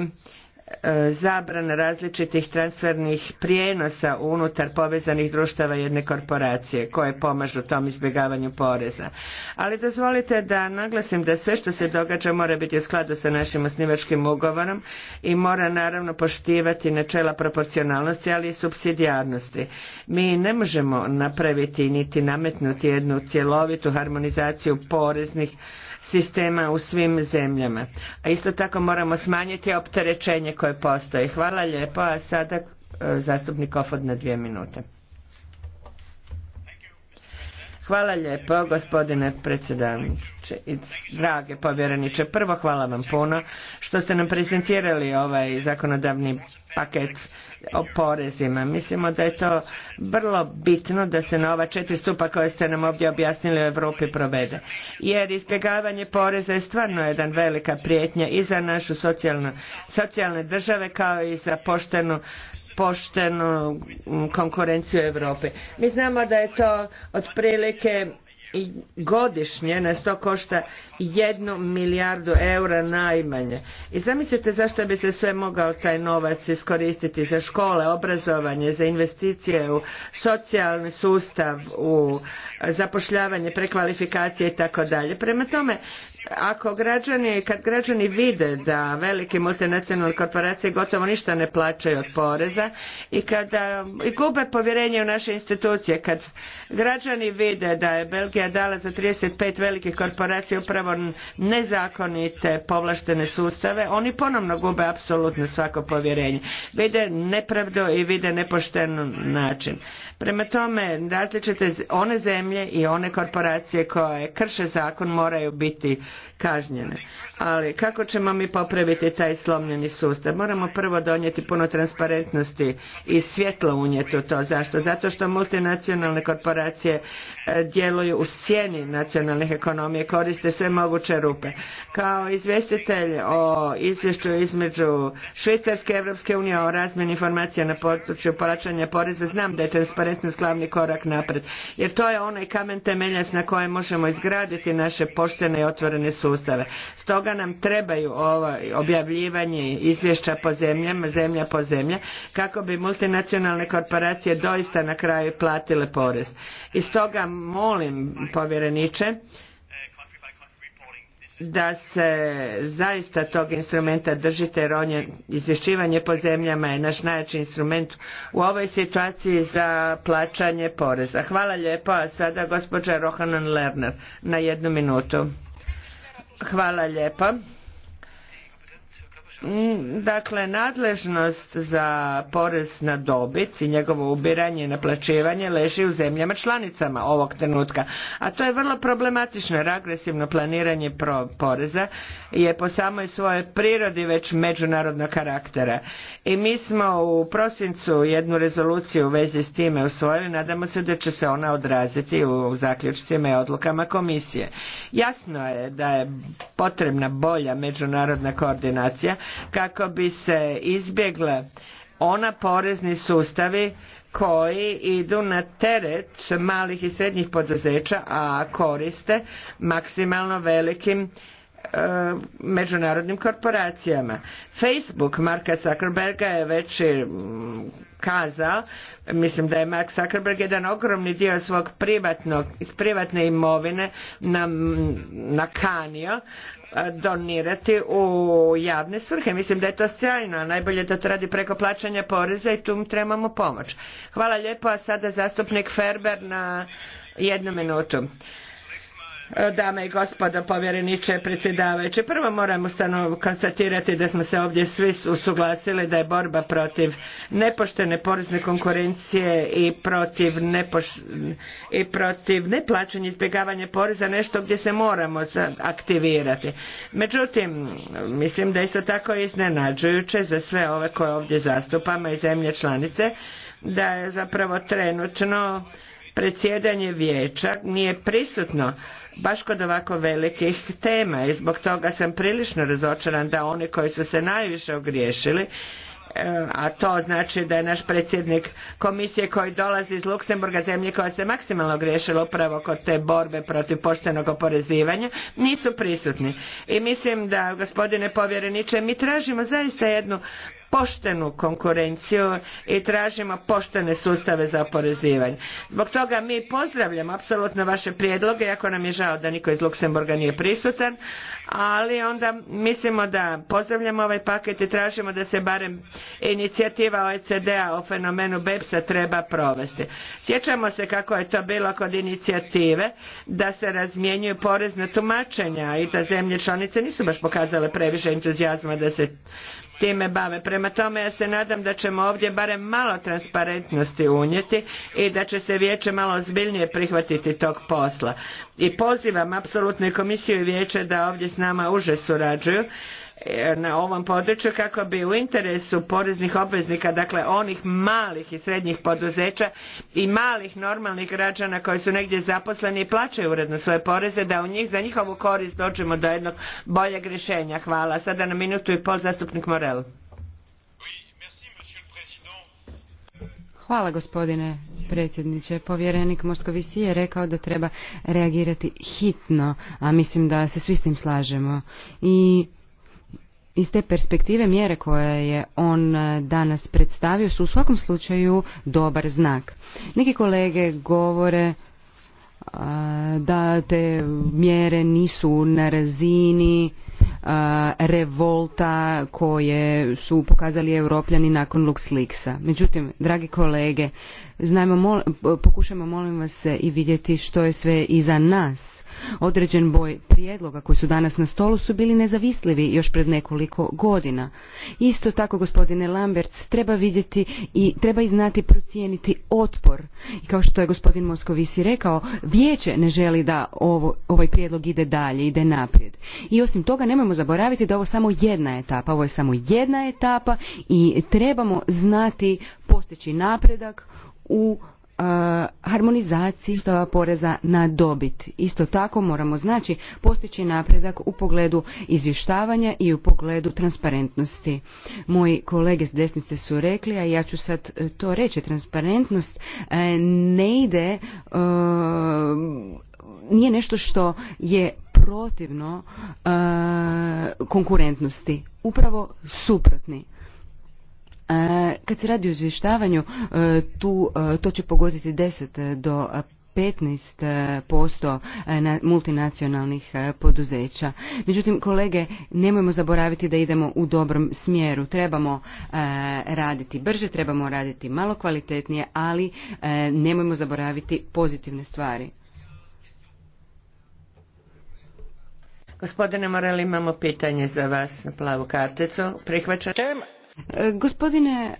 Speaker 4: E, zabrana različitih transfernih prijenosa unutar povezanih društava jedne korporacije koje pomažu tom izbjegavanju poreza. Ali dozvolite da naglasim da sve što se događa mora biti u skladu sa našim osnivačkim ugovorom i mora naravno poštivati načela proporcionalnosti ali i supsidijarnosti. Mi ne možemo napraviti niti nametnuti jednu cjelovitu harmonizaciju poreznih sistema u svim zemljama. A isto tako moramo smanjiti opterećenje koje postoji. Hvala lijepo, a sada e, zastupnik Ofod na dvije minute. Hvala lijepo, gospodine predsjedavajući i drage povjereniče. Prvo, hvala vam puno što ste nam prezentirali ovaj zakonodavni paket o porezima. Mislimo da je to vrlo bitno da se na ova četiri stupa koje ste nam ovdje objasnili u Europi provede. Jer izbjegavanje poreza je stvarno jedan velika prijetnja i za našu socijalnu, socijalne države kao i za poštenu poštenu konkurenciju Europi. Mi znamo da je to otprilike godišnje nas to košta jednu milijardu eura najmanje. I zamislite zašto bi se sve mogao taj novac iskoristiti za škole, obrazovanje, za investicije u socijalni sustav, u zapošljavanje, prekvalifikacije i tako dalje. Prema tome, ako građani, kad građani vide da velike multinacionalne korporacije gotovo ništa ne plaćaju od poreza i kada i gube povjerenje u naše institucije, kad građani vide da je Belgija je dala za 35 velikih korporacija upravo nezakonite povlaštene sustave, oni ponovno gube apsolutno svako povjerenje. Vide nepravdu i vide nepošten način. Prema tome, različite one zemlje i one korporacije koje krše zakon moraju biti kažnjene. Ali kako ćemo mi popraviti taj slomljeni sustav? Moramo prvo donijeti puno transparentnosti i svjetlo unijeti u to. Zašto? Zato što multinacionalne korporacije djeluju u sjeni nacionalnih ekonomije, koriste sve moguće rupe. Kao izvjestitelj o izvješću između Švicarske i Europske unije o razmjeni informacija na području plaćanja poreza, znam da je transparentnost glavni korak napred, jer to je onaj kamen temeljac na kojem možemo izgraditi naše poštene i otvorene sustave. Stoga nam trebaju objavljivanje izvješća po zemljama, zemlja po zemlja, kako bi multinacionalne korporacije doista na kraju platile porez. I stoga molim povjereniče da se zaista tog instrumenta držite jer on je izvješćivanje po zemljama je naš najjači instrument u ovoj situaciji za plaćanje poreza. Hvala lijepo, a sada gospođa Rohanan Lerner na jednu minutu. Hvala lijepo. Mm, dakle, nadležnost za porez na dobit i njegovo ubiranje i naplaćivanje leži u zemljama članicama ovog trenutka, a to je vrlo problematično jer agresivno planiranje poreza je po samoj svojoj prirodi već međunarodnog karaktera. I mi smo u prosincu jednu rezoluciju u vezi s time usvojili, nadamo se da će se ona odraziti u zaključcima i odlukama komisije. Jasno je da je potrebna bolja međunarodna koordinacija kako bi se izbjegle ona porezni sustavi koji idu na teret malih i srednjih poduzeća, a koriste maksimalno velikim e, međunarodnim korporacijama. Facebook Marka Zuckerberga je već mm, kazao, mislim da je Mark Zuckerberg jedan ogromni dio svog privatnog, privatne imovine nam nakanio E, donirati u javne svrhe. Mislim da je to sjajno, najbolje da to radi preko plaćanja poreza i tu trebamo pomoć. Hvala lijepo, a sada zastupnik Ferber na jednu minutu dame i gospodo povjereniče predsjedavajući prvo moramo konstatirati da smo se ovdje svi usuglasili da je borba protiv nepoštene porezne konkurencije i protiv, nepoš... i protiv neplaćanja izbjegavanja poreza nešto gdje se moramo aktivirati međutim mislim da isto tako iznenađujuće za sve ove koje ovdje zastupamo i zemlje članice da je zapravo trenutno predsjedanje vijeća nije prisutno baš kod ovako velikih tema i zbog toga sam prilično razočaran da oni koji su se najviše ogriješili e, a to znači da je naš predsjednik komisije koji dolazi iz Luksemburga, zemlje koja se maksimalno griješila upravo kod te borbe protiv poštenog oporezivanja, nisu prisutni. I mislim da, gospodine povjereniče, mi tražimo zaista jednu poštenu konkurenciju i tražimo poštene sustave za oporezivanje. Zbog toga mi pozdravljamo apsolutno vaše prijedloge, iako nam je žao da niko iz Luksemburga nije prisutan, ali onda mislimo da pozdravljamo ovaj paket i tražimo da se barem inicijativa OECD-a o fenomenu BEPS-a treba provesti. Sjećamo se kako je to bilo kod inicijative da se razmjenjuju porezna tumačenja i da zemlje članice nisu baš pokazale previše entuzijazma da se time bave. Prema tome ja se nadam da ćemo ovdje barem malo transparentnosti unijeti i da će se vijeće malo zbiljnije prihvatiti tog posla. I pozivam apsolutno i komisiju i vijeće da ovdje s nama uže surađuju E, na ovom području kako bi u interesu poreznih obveznika, dakle onih malih i srednjih poduzeća i malih normalnih građana koji su negdje zaposleni i plaćaju uredno svoje poreze, da u njih za njihovu korist dođemo do jednog boljeg rješenja. Hvala. Sada na minutu i pol zastupnik Morel.
Speaker 6: Hvala gospodine predsjedniče. Povjerenik Moskovisi je rekao da treba reagirati hitno, a mislim da se svi s tim slažemo. I iz te perspektive mjere koje je on e, danas predstavio su u svakom slučaju dobar znak. Neki kolege govore e, da te mjere nisu na razini e, revolta koje su pokazali europljani nakon LuxLeaksa. Međutim, dragi kolege, Znajmo, mol, molim vas i vidjeti što je sve iza nas. Određen boj prijedloga koji su danas na stolu su bili nezavislivi još pred nekoliko godina. Isto tako, gospodine Lamberts, treba vidjeti i treba i znati procijeniti otpor. I kao što je gospodin Moskovisi rekao, vijeće ne želi da ovo, ovaj prijedlog ide dalje, ide naprijed. I osim toga, nemojmo zaboraviti da ovo samo jedna etapa. Ovo je samo jedna etapa i trebamo znati postići napredak u harmonizaciji stava poreza na dobit. Isto tako moramo znači postići napredak u pogledu izvještavanja i u pogledu transparentnosti. Moji kolege s desnice su rekli, a ja ću sad e, to reći, transparentnost e, ne ide, e, nije nešto što je protivno konkurentnosti. Upravo suprotni E, kad se radi o izvještavanju, e, tu, e, to će pogoditi 10 do 15% multinacionalnih poduzeća. Međutim, kolege, nemojmo zaboraviti da idemo u dobrom smjeru. Trebamo raditi brže, trebamo raditi malo kvalitetnije, ali nemojmo zaboraviti pozitivne stvari. Gospodine Morel, imamo pitanje za vas na plavu karticu. Prihvaćate? Gospodine,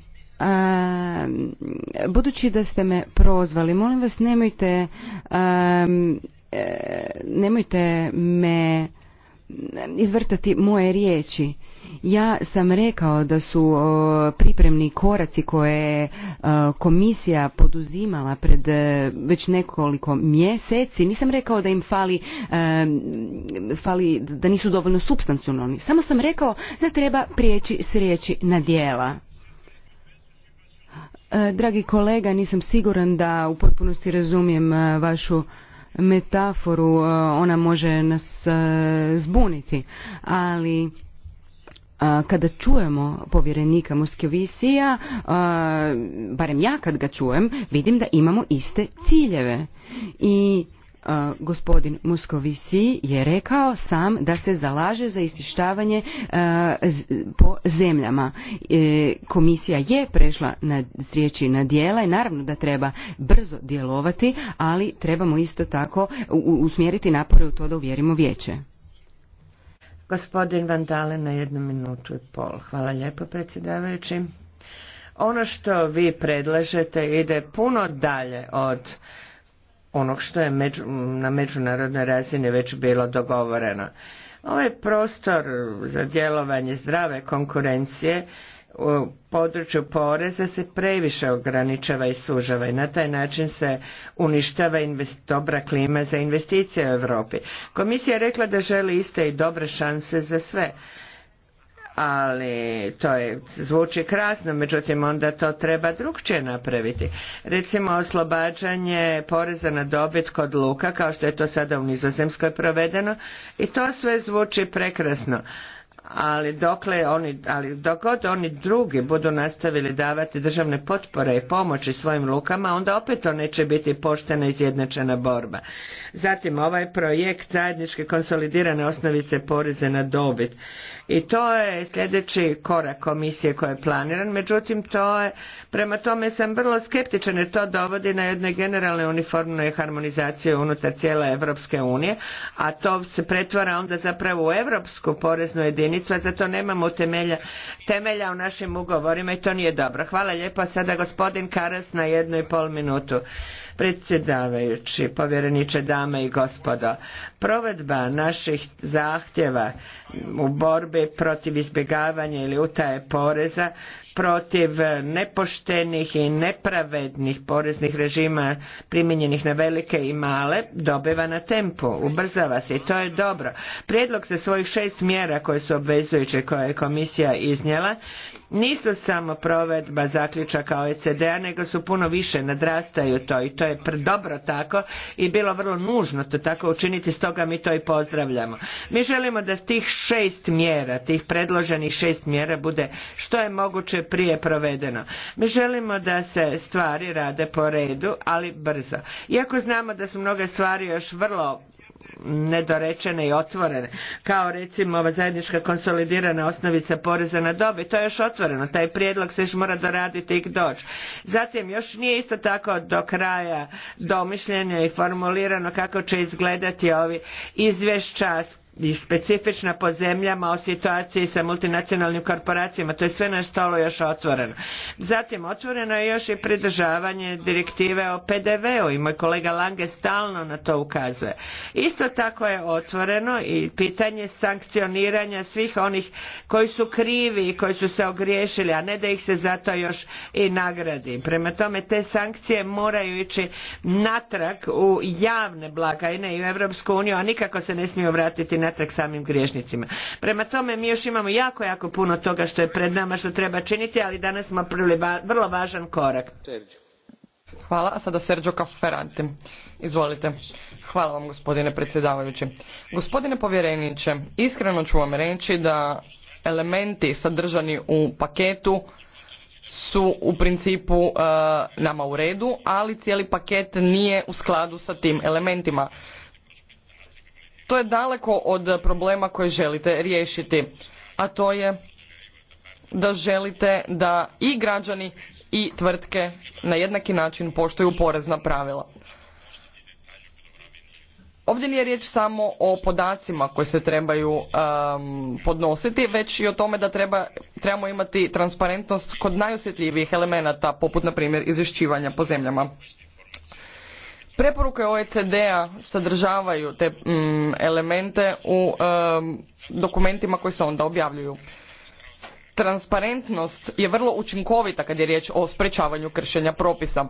Speaker 6: budući da ste me prozvali, molim vas nemojte, e, nemojte me izvrtati moje riječi. Ja sam rekao da su pripremni koraci koje je komisija poduzimala pred e, već nekoliko mjeseci, nisam rekao da im fali, e, fali da nisu dovoljno substancionalni. Samo sam rekao da treba prijeći s riječi na dijela. E, dragi kolega, nisam siguran da u potpunosti razumijem vašu metaforu, e, ona može nas e, zbuniti, ali e, kada čujemo povjerenika Muskovisija, barem ja kad ga čujem, vidim da imamo iste ciljeve. I gospodin Muscovici je rekao sam da se zalaže za isištavanje po zemljama. E, komisija je prešla na riječi na dijela i naravno da treba brzo djelovati, ali trebamo isto tako usmjeriti napore u to da uvjerimo vijeće.
Speaker 4: Gospodin Vandale na jednu minutu i pol. Hvala lijepo predsjedavajući. Ono što vi predlažete ide puno dalje od onog što je među, na međunarodnoj razini već bilo dogovoreno. Ovaj prostor za djelovanje zdrave konkurencije u području poreza se previše ograničava i sužava i na taj način se uništava dobra klima za investicije u Europi. Komisija je rekla da želi iste i dobre šanse za sve, ali to je, zvuči krasno, međutim onda to treba drugčije napraviti. Recimo oslobađanje poreza na dobit kod luka, kao što je to sada u Nizozemskoj provedeno, i to sve zvuči prekrasno ali dokle oni, ali dok god oni drugi budu nastavili davati državne potpore i pomoći svojim lukama, onda opet to neće biti poštena izjednačena borba. Zatim ovaj projekt zajedničke konsolidirane osnovice poreze na dobit. I to je sljedeći korak komisije koji je planiran, međutim to je, prema tome sam vrlo skeptičan jer to dovodi na jedne generalne uniformnoj harmonizacije unutar cijele Europske unije, a to se pretvara onda zapravo u europsku poreznu jedinicu, a zato nemamo temelja, temelja u našim ugovorima i to nije dobro. Hvala lijepa sada gospodin Karas na jednu i pol minutu. Predsjedavajući, povjereniče dame i gospodo, provedba naših zahtjeva u borbi protiv izbjegavanja ili utaje poreza, protiv nepoštenih i nepravednih poreznih režima primijenjenih na velike i male, dobiva na tempu, ubrzava se i to je dobro. Prijedlog se svojih šest mjera koje su obvezujuće koje je komisija iznijela nisu samo provedba zaključaka OECD-a, nego su puno više nadrastaju to i to je dobro tako i bilo vrlo nužno to tako učiniti, stoga mi to i pozdravljamo. Mi želimo da tih šest mjera, tih predloženih šest mjera bude što je moguće prije provedeno. Mi želimo da se stvari rade po redu, ali brzo. Iako znamo da su mnoge stvari još vrlo nedorečene i otvorene, kao recimo ova zajednička konsolidirana osnovica poreza na dobit, to je još otvoreno, taj prijedlog se još mora doraditi i doći. Zatim još nije isto tako do kraja domišljeno i formulirano kako će izgledati ovi izvješća i specifična po zemljama o situaciji sa multinacionalnim korporacijama. To je sve na stolu još otvoreno. Zatim, otvoreno je još i pridržavanje direktive o PDV-u i moj kolega Lange stalno na to ukazuje. Isto tako je otvoreno i pitanje sankcioniranja svih onih koji su krivi i koji su se ogriješili, a ne da ih se zato još i nagradi. Prema tome, te sankcije moraju ići natrag u javne blagajne i u Europsku uniju, a nikako se ne smiju vratiti na natrag samim griješnicima. Prema tome mi još imamo jako, jako puno toga što je pred nama, što treba činiti, ali danas smo prili vrlo važan korak. Hvala, a sada Sergio Cafferanti. Izvolite. Hvala vam gospodine predsjedavajući.
Speaker 5: Gospodine povjereniče, iskreno ću vam reći da elementi sadržani u paketu su u principu e, nama u redu, ali cijeli paket nije u skladu sa tim elementima. To je daleko od problema koje želite riješiti, a to je da želite da i građani i tvrtke na jednaki način poštuju porezna pravila. Ovdje nije riječ samo o podacima koji se trebaju um, podnositi, već i o tome da treba, trebamo imati transparentnost kod najosjetljivijih elemenata, poput na primjer izvješćivanja po zemljama. Preporuke OECD-a sadržavaju te mm, elemente u dokumentima koji se onda objavljuju. Transparentnost je vrlo učinkovita kad je riječ o sprečavanju kršenja propisa.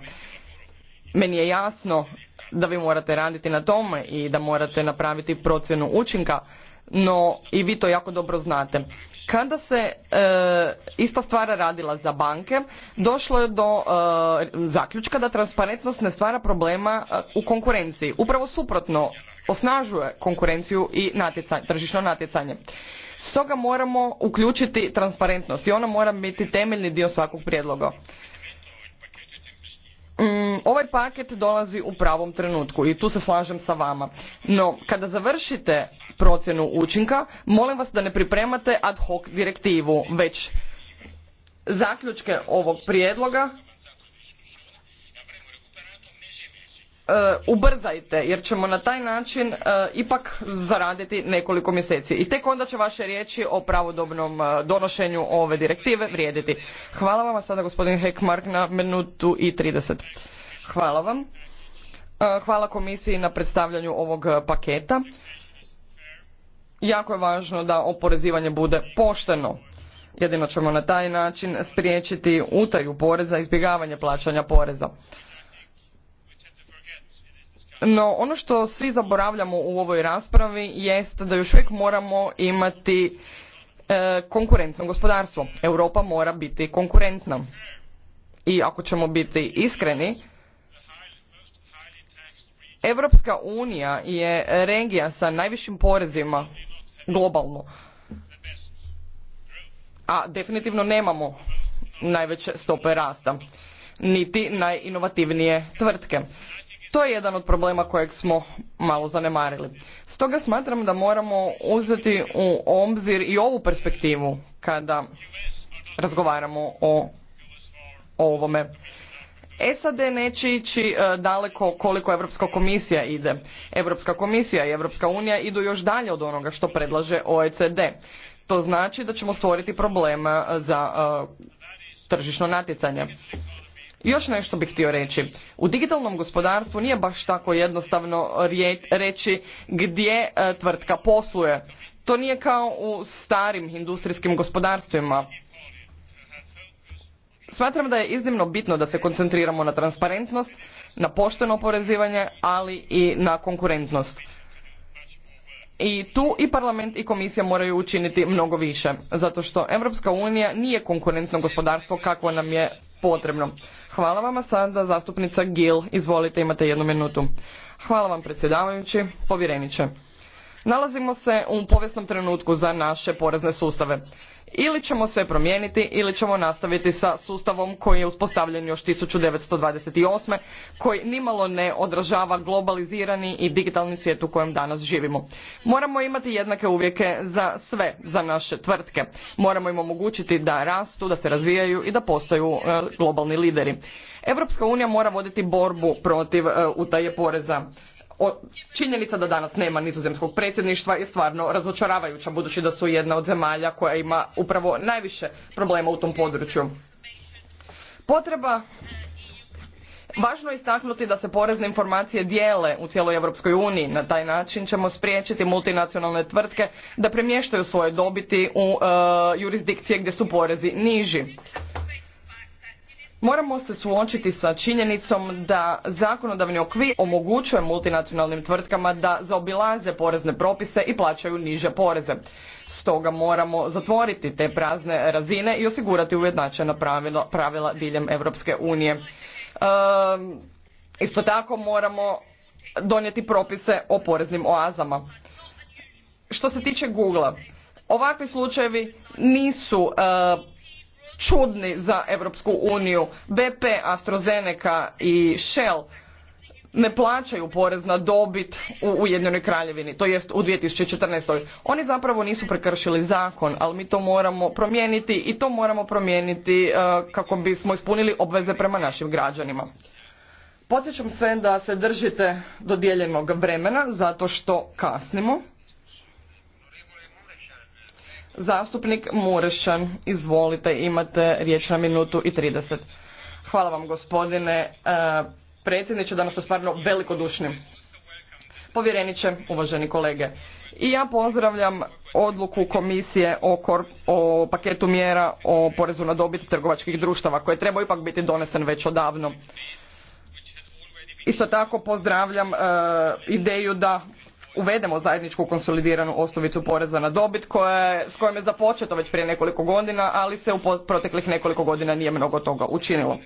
Speaker 5: Meni je jasno da vi morate raditi na tome i da morate napraviti procjenu učinka, no i vi to jako dobro znate. Kada se e, ista stvar radila za banke, došlo je do e, zaključka da transparentnost ne stvara problema e, u konkurenciji. Upravo suprotno, osnažuje konkurenciju i natjecanje, tržišno natjecanje. Stoga moramo uključiti transparentnost i ona mora biti temeljni dio svakog prijedloga. Mm, ovaj paket dolazi u pravom trenutku i tu se slažem sa vama no kada završite procjenu učinka molim vas da ne pripremate ad hoc direktivu već zaključke ovog prijedloga E, ubrzajte jer ćemo na taj način e, ipak zaraditi nekoliko mjeseci i tek onda će vaše riječi o pravodobnom e, donošenju ove direktive vrijediti. Hvala vam, a sada gospodin Hekmark na minutu i 30. Hvala vam. Hvala komisiji na predstavljanju ovog paketa. Jako je važno da oporezivanje bude pošteno. Jedino ćemo na taj način spriječiti utaju poreza, izbjegavanje plaćanja poreza. No, ono što svi zaboravljamo u ovoj raspravi jest da još uvijek moramo imati e, konkurentno gospodarstvo. Europa mora biti konkurentna. I ako ćemo biti iskreni, Europska unija je regija sa najvišim porezima globalno. A definitivno nemamo najveće stope rasta, niti najinovativnije tvrtke to je jedan od problema kojeg smo malo zanemarili. Stoga smatram da moramo uzeti u obzir i ovu perspektivu kada razgovaramo o, ovome. SAD neće ići e, daleko koliko Europska komisija ide. Europska komisija i Europska unija idu još dalje od onoga što predlaže OECD. To znači da ćemo stvoriti problema e, za e, tržišno natjecanje. Još nešto bih htio reći. U digitalnom gospodarstvu nije baš tako jednostavno reći gdje e, tvrtka posluje. To nije kao u starim industrijskim gospodarstvima. Smatram da je iznimno bitno da se koncentriramo na transparentnost, na pošteno oporezivanje, ali i na konkurentnost. I tu i parlament i komisija moraju učiniti mnogo više, zato što Europska unija nije konkurentno gospodarstvo kako nam je potrebno. Hvala vama sada zastupnica Gil. Izvolite, imate jednu minutu. Hvala vam predsjedavajući, povjereniče. Nalazimo se u povijesnom trenutku za naše porezne sustave ili ćemo sve promijeniti ili ćemo nastaviti sa sustavom koji je uspostavljen još 1928. koji nimalo ne odražava globalizirani i digitalni svijet u kojem danas živimo. Moramo imati jednake uvjete za sve, za naše tvrtke. Moramo im omogućiti da rastu, da se razvijaju i da postaju e, globalni lideri. Europska unija mora voditi borbu protiv e, utaje poreza. O, činjenica da danas nema nizozemskog predsjedništva je stvarno razočaravajuća budući da su jedna od zemalja koja ima upravo najviše problema u tom području. Potreba Važno je istaknuti da se porezne informacije dijele u cijeloj Europskoj uniji. Na taj način ćemo spriječiti multinacionalne tvrtke da premještaju svoje dobiti u e, jurisdikcije gdje su porezi niži. Moramo se suočiti sa činjenicom da zakonodavni okvir omogućuje multinacionalnim tvrtkama da zaobilaze porezne propise i plaćaju niže poreze. Stoga moramo zatvoriti te prazne razine i osigurati ujednačena pravila, diljem Europske unije. Ehm, isto tako moramo donijeti propise o poreznim oazama. Što se tiče Googlea, ovakvi slučajevi nisu ehm, čudni za Europsku uniju. BP, AstraZeneca i Shell ne plaćaju porez na dobit u Ujedinjenoj kraljevini, to jest u 2014. Oni zapravo nisu prekršili zakon, ali mi to moramo promijeniti i to moramo promijeniti e, kako bismo ispunili obveze prema našim građanima. Podsjećam sve da se držite dodijeljenog vremena zato što kasnimo. Zastupnik Murešan, izvolite, imate riječ na minutu i 30. Hvala vam gospodine e, predsjedniče, danas ste stvarno velikodušni. Povjereniče, uvaženi kolege, i ja pozdravljam odluku komisije o, paketu mjera o porezu na dobit trgovačkih društava koje treba ipak biti donesen već odavno. Isto tako pozdravljam e, ideju da uvedemo zajedničku konsolidiranu osnovicu poreza na dobit s kojom je započeto već prije nekoliko godina, ali se u proteklih nekoliko godina nije mnogo toga učinilo.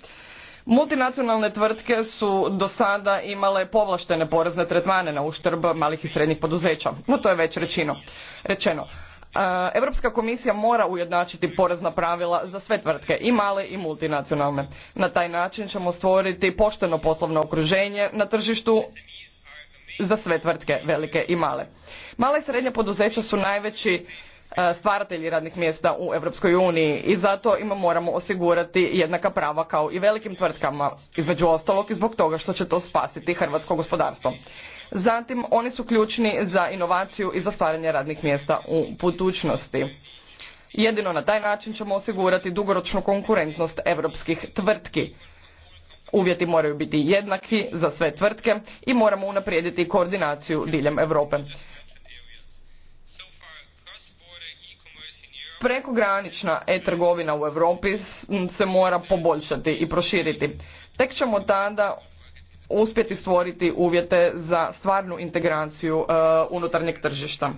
Speaker 5: Multinacionalne tvrtke su do sada imale povlaštene porezne tretmane na uštrb malih i srednjih poduzeća, no to je već rečeno. rečeno. Europska komisija mora ujednačiti porezna pravila za sve tvrtke, i male i multinacionalne. Na taj način ćemo stvoriti pošteno poslovno okruženje na tržištu za sve tvrtke, velike i male. Mala i srednja poduzeća su najveći e, stvaratelji radnih mjesta u Europskoj uniji i zato im moramo osigurati jednaka prava kao i velikim tvrtkama, između ostalog i zbog toga što će to spasiti hrvatsko gospodarstvo. Zatim, oni su ključni za inovaciju i za stvaranje radnih mjesta u budućnosti. Jedino na taj način ćemo osigurati dugoročnu konkurentnost europskih tvrtki Uvjeti moraju biti jednaki za sve tvrtke i moramo unaprijediti koordinaciju diljem Europe. Prekogranična e-trgovina u Europi se mora poboljšati i proširiti. Tek ćemo tada uspjeti stvoriti uvjete za stvarnu integraciju e, unutarnjeg tržišta.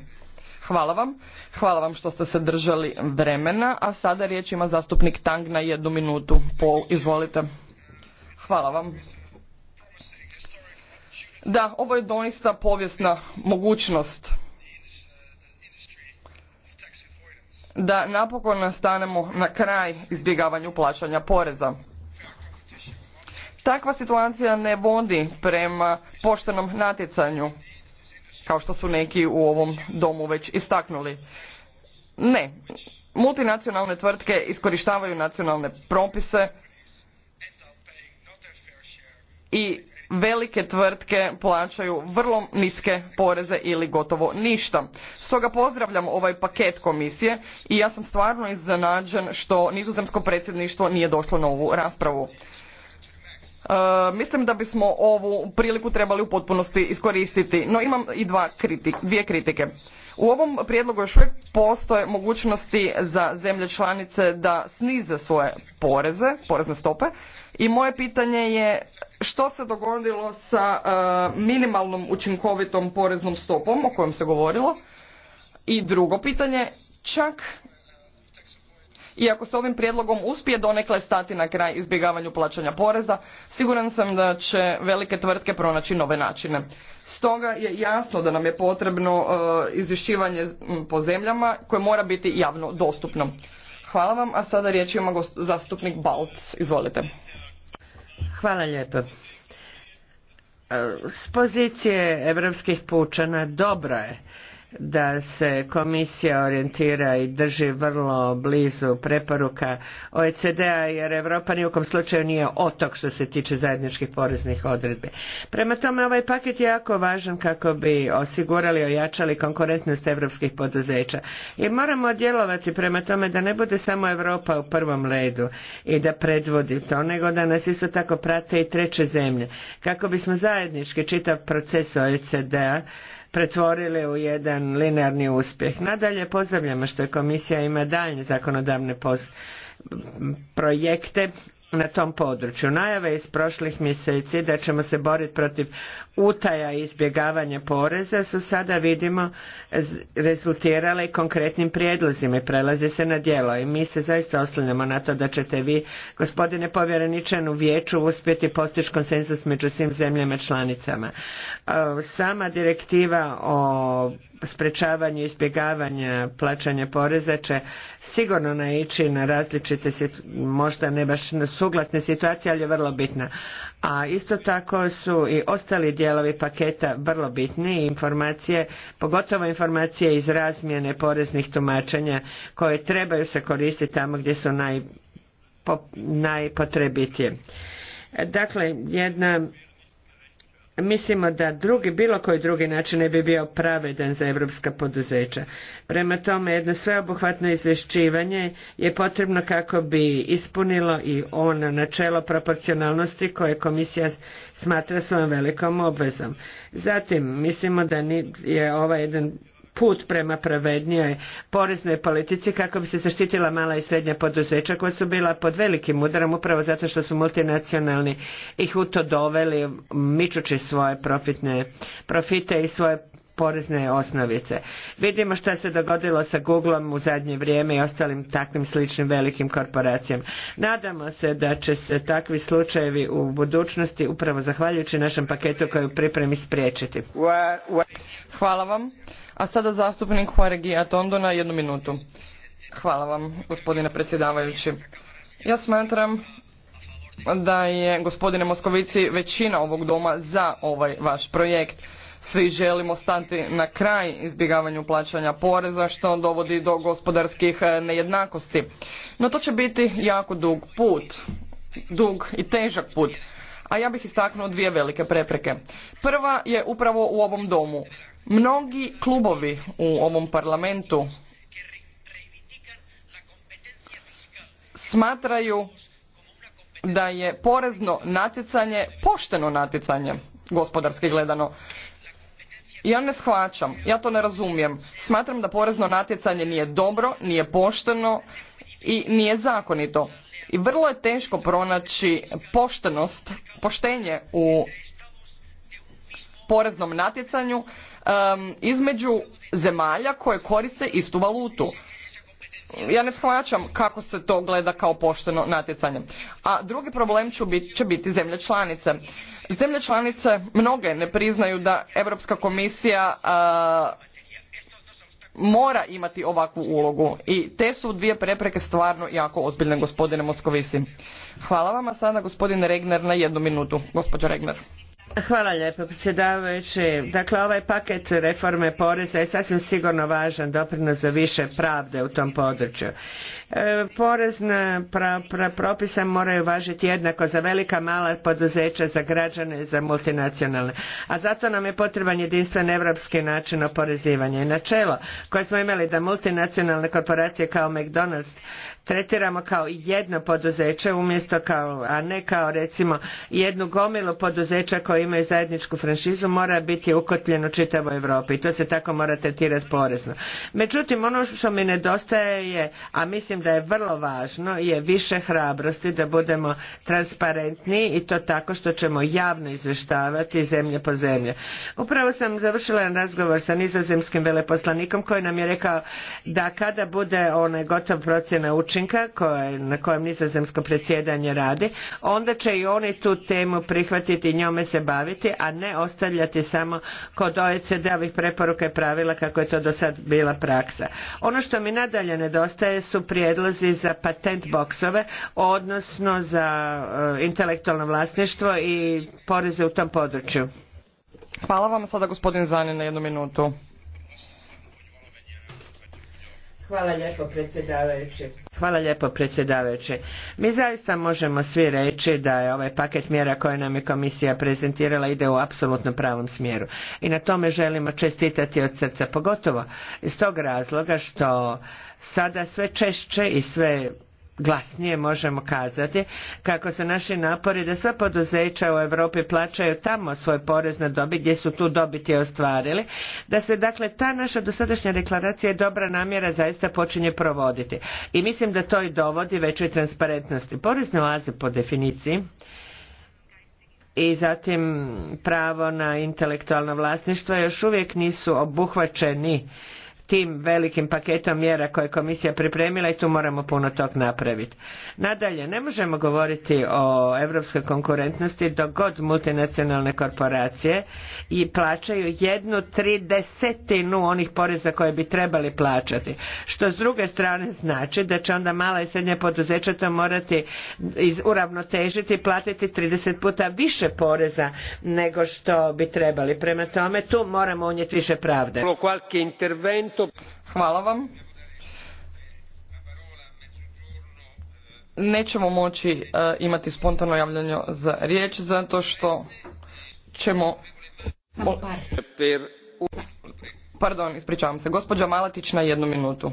Speaker 5: Hvala vam. Hvala vam što ste se držali vremena, a sada riječ ima zastupnik Tang na jednu minutu. Pol, izvolite. Hvala vam. Da, ovo je doista povijesna mogućnost da napokon nastanemo na kraj izbjegavanju plaćanja poreza. Takva situacija ne vodi prema poštenom natjecanju, kao što su neki u ovom domu već istaknuli. Ne, multinacionalne tvrtke iskorištavaju nacionalne propise i velike tvrtke plaćaju vrlo niske poreze ili gotovo ništa. Stoga pozdravljam ovaj paket komisije i ja sam stvarno iznenađen što nizozemsko predsjedništvo nije došlo na ovu raspravu. E, mislim da bismo ovu priliku trebali u potpunosti iskoristiti no imam i dva dvije kritike u ovom prijedlogu još uvijek postoje mogućnosti za zemlje članice da snize svoje poreze porezne stope i moje pitanje je što se dogodilo sa e, minimalnom učinkovitom poreznom stopom o kojem se govorilo? I drugo pitanje, čak i ako se ovim prijedlogom uspije donekle stati na kraj izbjegavanju plaćanja poreza, siguran sam da će velike tvrtke pronaći nove načine. Stoga je jasno da nam je potrebno e, izvješćivanje po zemljama koje mora biti javno dostupno. Hvala vam, a
Speaker 4: sada riječ ima zastupnik Balc. Izvolite. Hvala lijepo. E, s pozicije evropskih pučana dobro je da se komisija orijentira i drži vrlo blizu preporuka OECD-a jer Europa ni u slučaju nije otok što se tiče zajedničkih poreznih odredbi. Prema tome ovaj paket je jako važan kako bi osigurali i ojačali konkurentnost europskih poduzeća. I moramo djelovati prema tome da ne bude samo Europa u prvom redu i da predvodi to, nego da nas isto tako prate i treće zemlje. Kako bismo zajednički čitav proces OECD-a pretvorili u jedan linearni uspjeh. Nadalje pozdravljamo što je komisija ima daljnje zakonodavne projekte na tom području. Najave iz prošlih mjeseci da ćemo se boriti protiv utaja i izbjegavanja poreza su sada vidimo rezultirale i konkretnim prijedlozima i prelazi se na djelo i mi se zaista oslanjamo na to da ćete vi gospodine povjereničan u vijeću uspjeti postići konsenzus među svim zemljama članicama. E, sama direktiva o sprečavanju izbjegavanja plaćanja poreza će sigurno naići na različite, možda ne baš suglasne situacije, ali je vrlo bitna. A isto tako su i ostali dijelovi paketa vrlo bitni I informacije, pogotovo informacije iz razmjene poreznih tumačenja koje trebaju se koristiti tamo gdje su naj, najpotrebitije. Dakle, jedna mislimo da drugi, bilo koji drugi način ne bi bio pravedan za europska poduzeća. Prema tome, jedno sveobuhvatno izvješćivanje je potrebno kako bi ispunilo i ono načelo proporcionalnosti koje komisija smatra svojom velikom obvezom. Zatim, mislimo da je ovaj jedan put prema pravednijoj poreznoj politici kako bi se zaštitila mala i srednja poduzeća koja su bila pod velikim udarom upravo zato što su multinacionalni ih u to doveli mičući svoje profitne, profite i svoje porezne osnovice. Vidimo što se dogodilo sa Googleom u zadnje vrijeme i ostalim takvim sličnim velikim korporacijama. Nadamo se da će se takvi slučajevi u budućnosti upravo zahvaljujući našem paketu koji pripremi spriječiti.
Speaker 5: Hvala vam. A sada zastupnik Huaregija jednu minutu. Hvala vam, gospodine predsjedavajući. Ja smatram da je, gospodine Moskovici, većina ovog doma za ovaj vaš projekt. Svi želimo stati na kraj izbjegavanju plaćanja poreza, što dovodi do gospodarskih e, nejednakosti. No to će biti jako dug put, dug i težak put a ja bih istaknuo dvije velike prepreke. Prva je upravo u ovom domu. Mnogi klubovi u ovom parlamentu smatraju da je porezno natjecanje pošteno natjecanje, gospodarski gledano. Ja ne shvaćam, ja to ne razumijem. Smatram da porezno natjecanje nije dobro, nije pošteno i nije zakonito. I vrlo je teško pronaći poštenost, poštenje u poreznom natjecanju između zemalja koje koriste istu valutu. Ja ne shvaćam kako se to gleda kao pošteno natjecanje. A drugi problem će biti, će biti zemlje članice. Zemlje članice mnoge ne priznaju da Europska komisija mora imati ovakvu ulogu i te su dvije prepreke stvarno jako ozbiljne gospodine Moskovisi. Hvala a sada gospodine Regner na jednu minutu. Gospođo Regner.
Speaker 4: Hvala lijepo predsjedavajući. Dakle, ovaj paket reforme poreza je sasvim sigurno važan doprinos za više pravde u tom području. E, porezna pra, moraju važiti jednako za velika, mala poduzeća, za građane, za multinacionalne. A zato nam je potreban jedinstven europski način oporezivanja. I načelo koje smo imali da multinacionalne korporacije kao McDonald's tretiramo kao jedno poduzeće umjesto kao, a ne kao recimo jednu gomilu poduzeća koje imaju zajedničku franšizu mora biti ukotljeno čitavoj Europi i to se tako mora tretirati porezno. Međutim, ono što mi nedostaje je, a mislim da je vrlo važno je više hrabrosti da budemo transparentni i to tako što ćemo javno izvještavati zemlje po zemlje. Upravo sam završila jedan razgovor sa nizozemskim veleposlanikom koji nam je rekao da kada bude onaj gotov procjena učinka na kojem nizozemsko predsjedanje radi, onda će i oni tu temu prihvatiti i njome se baviti, a ne ostavljati samo kod OECD-ovih preporuka i pravila kako je to do sad bila praksa. Ono što mi nadalje nedostaje su prijedlozi za patent boksove, odnosno za e, intelektualno vlasništvo i poreze u tom području. Hvala vam sada gospodin Zanin na jednu minutu. Hvala lijepo predsjedavajući. Hvala Mi zaista možemo svi reći da je ovaj paket mjera koje nam je komisija prezentirala ide u apsolutno pravom smjeru. I na tome želimo čestitati od srca, pogotovo iz tog razloga što sada sve češće i sve glasnije možemo kazati kako se naši napori da sva poduzeća u Europi plaćaju tamo svoj porez na dobit gdje su tu dobiti ostvarili, da se dakle ta naša dosadašnja deklaracija i dobra namjera zaista počinje provoditi. I mislim da to i dovodi većoj transparentnosti. Porezne oaze po definiciji i zatim pravo na intelektualno vlasništvo još uvijek nisu obuhvaćeni tim velikim paketom mjera koje je komisija pripremila i tu moramo puno tog napraviti. Nadalje, ne možemo govoriti o europskoj konkurentnosti dok god multinacionalne korporacije i plaćaju jednu tridesetinu onih poreza koje bi trebali plaćati. Što s druge strane znači da će onda mala i srednja poduzeća to morati uravnotežiti i platiti 30 puta više poreza nego što bi trebali. Prema tome tu moramo unijeti više pravde. Hvala vam.
Speaker 5: Nećemo moći uh, imati spontano javljanje za riječ zato što ćemo... Pardon, ispričavam se. Gospođa Malatić na jednu minutu.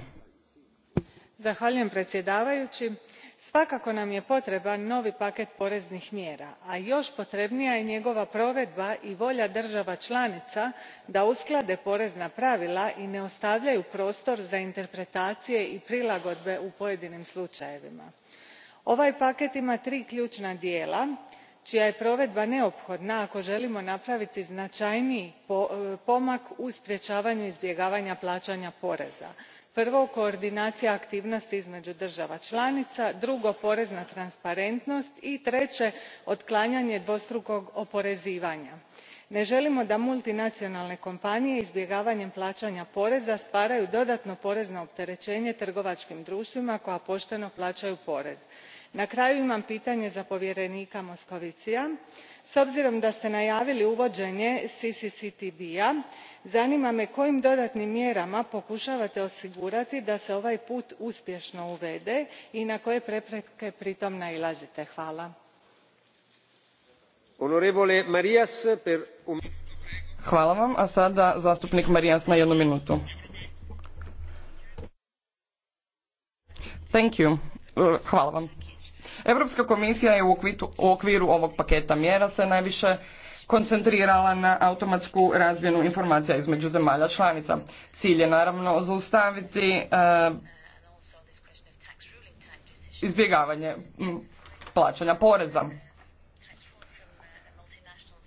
Speaker 7: Zahvaljujem predsjedavajući svakako nam je potreban novi paket poreznih mjera a još potrebnija je njegova provedba i volja država članica da usklade porezna pravila i ne ostavljaju prostor za interpretacije i prilagodbe u pojedinim slučajevima. ovaj paket ima tri ključna dijela čija je provedba neophodna ako želimo napraviti značajniji e, pomak u sprječavanju izbjegavanja plaćanja poreza prvo koordinacija aktivnosti između država članica drugo porezna transparentnost i treće otklanjanje dvostrukog oporezivanja. ne želimo da multinacionalne kompanije izbjegavanjem plaćanja poreza stvaraju dodatno porezno opterećenje trgovačkim društvima koja pošteno plaćaju porez na kraju imam pitanje za povjerenika moscovicia s obzirom da ste najavili uvođenje ccctb a zanima me kojim dodatnim mjerama pokušavate osigurati da se ovaj put uspješno uvede i na koje prepreke pritom nailazite? hvala.
Speaker 5: Hvala vam. A sada zastupnik Marijas na Europska komisija je u okviru, ovog paketa mjera se najviše koncentrirala na automatsku razmjenu informacija između zemalja članica. Cilj je naravno zaustaviti e, izbjegavanje plaćanja poreza.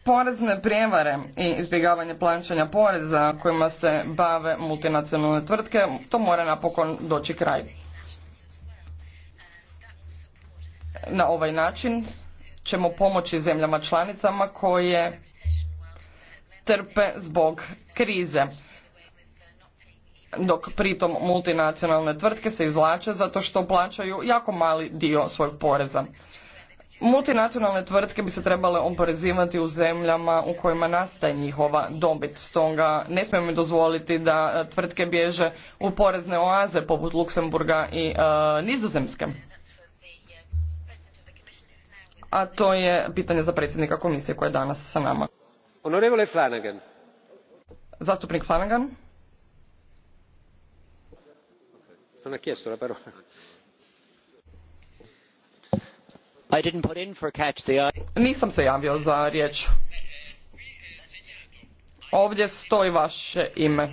Speaker 5: Porezne prijevare i izbjegavanje plaćanja poreza kojima se bave multinacionalne tvrtke, to mora napokon doći kraj. Na ovaj način ćemo pomoći zemljama članicama koje trpe zbog krize dok pritom multinacionalne tvrtke se izvlače zato što plaćaju jako mali dio svojeg poreza. Multinacionalne tvrtke bi se trebale oporezivati u zemljama u kojima nastaje njihova dobit. Stoga ne smijemo dozvoliti da e, tvrtke bježe u porezne oaze poput Luksemburga i e, Nizozemske a to je pitanje za predsjednika komisije koja je danas sa
Speaker 4: nama. Flanagan.
Speaker 5: Zastupnik Flanagan.
Speaker 4: Non la parola.
Speaker 5: I didn't put in for catch the eye. Nisam se javio za riječ. Ovdje stoji vaše ime.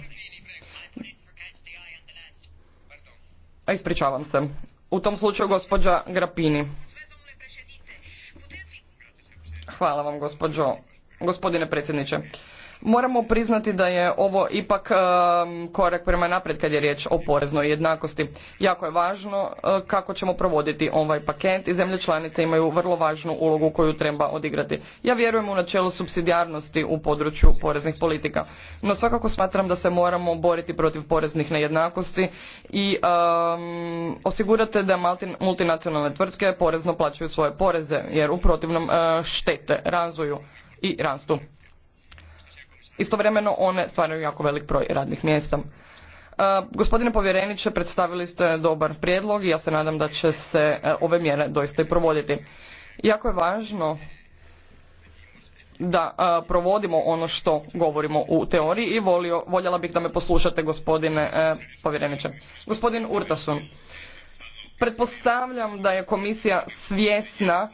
Speaker 5: Ispričavam se. U tom slučaju gospođa Grapini. Hvala vam gospođo, gospodine predsjedniče. Moramo priznati da je ovo ipak korak prema naprijed kad je riječ o poreznoj jednakosti. Jako je važno e, kako ćemo provoditi ovaj paket i zemlje članice imaju vrlo važnu ulogu koju treba odigrati. Ja vjerujem u načelo subsidijarnosti u području poreznih politika, no svakako smatram da se moramo boriti protiv poreznih nejednakosti i osigurati da multinacionalne tvrtke porezno plaćaju svoje poreze jer u protivnom e, štete razvoju i rastu. Istovremeno one stvaraju jako velik broj radnih mjesta. E, gospodine povjereniče, predstavili ste dobar prijedlog i ja se nadam da će se e, ove mjere doista i provoditi. Jako je važno da e, provodimo ono što govorimo u teoriji i volio, voljela bih da me poslušate gospodine povjereniče. Gospodin Urtasun, pretpostavljam da je komisija svjesna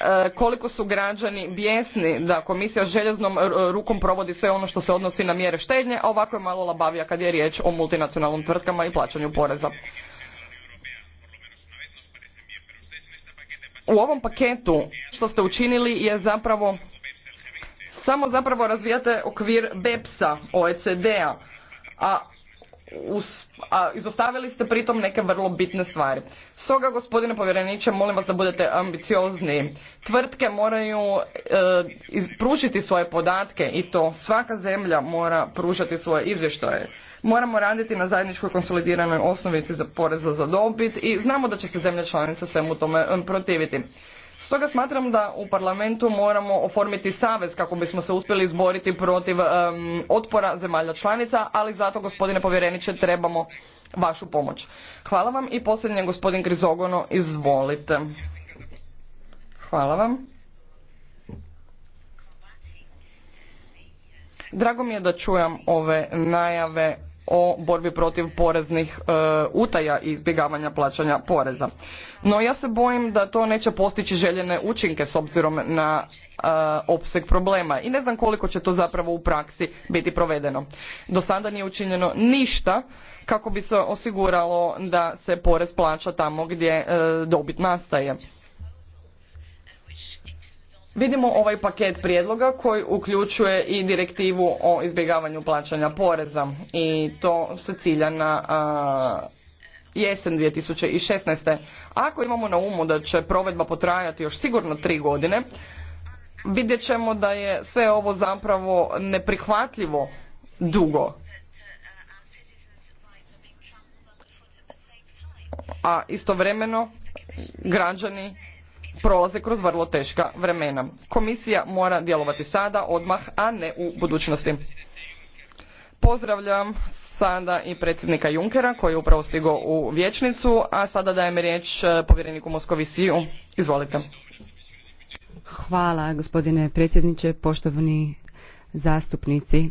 Speaker 5: E, koliko su građani bijesni da komisija željeznom rukom provodi sve ono što se odnosi na mjere štednje, a ovako je malo labavija kad je riječ o multinacionalnim tvrtkama i plaćanju poreza. U ovom paketu što ste učinili je zapravo samo zapravo razvijate okvir BEPS-a, OECD-a, a e us, a izostavili ste pritom neke vrlo bitne stvari. Stoga, gospodine povjereniče, molim vas da budete ambiciozni. Tvrtke moraju e, pružiti svoje podatke i to svaka zemlja mora pružati svoje izvještaje. Moramo raditi na zajedničkoj konsolidiranoj osnovici za poreza za dobit i znamo da će se zemlja članice svemu tome e, protiviti. Stoga smatram da u parlamentu moramo oformiti savez kako bismo se uspjeli izboriti protiv otpora zemalja članica, ali zato gospodine povjereniče trebamo vašu pomoć. Hvala vam i posljednje gospodin Grizogono, izvolite. Hvala vam. Drago mi je da čujem ove najave o borbi protiv poreznih e, utaja i izbjegavanja plaćanja poreza. No ja se bojim da to neće postići željene učinke s obzirom na e, opseg problema i ne znam koliko će to zapravo u praksi biti provedeno. Do sada nije učinjeno ništa kako bi se osiguralo da se porez plaća tamo gdje e, dobit nastaje. Vidimo ovaj paket prijedloga koji uključuje i direktivu o izbjegavanju plaćanja poreza i to se cilja na a, jesen 2016. Ako imamo na umu da će provedba potrajati još sigurno tri godine, vidjet ćemo da je sve ovo zapravo neprihvatljivo dugo. A istovremeno građani prolaze kroz vrlo teška vremena. Komisija mora djelovati sada, odmah, a ne u budućnosti. Pozdravljam sada i predsjednika Junkera koji je upravo stigao u vječnicu, a sada dajem riječ e, povjereniku Moskovisiju. Izvolite.
Speaker 6: Hvala gospodine predsjedniče, poštovani zastupnici, e,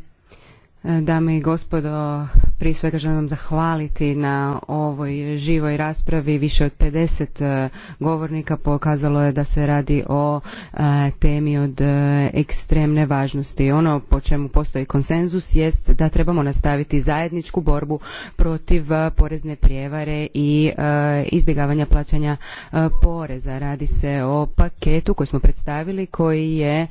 Speaker 6: dame i gospodo prije svega želim vam zahvaliti na ovoj živoj raspravi. Više od 50 e, govornika pokazalo je da se radi o e, temi od e, ekstremne važnosti. Ono po čemu postoji konsenzus jest da trebamo nastaviti zajedničku borbu protiv porezne prijevare i izbjegavanja plaćanja poreza. Radi se o paketu koji smo predstavili, koji je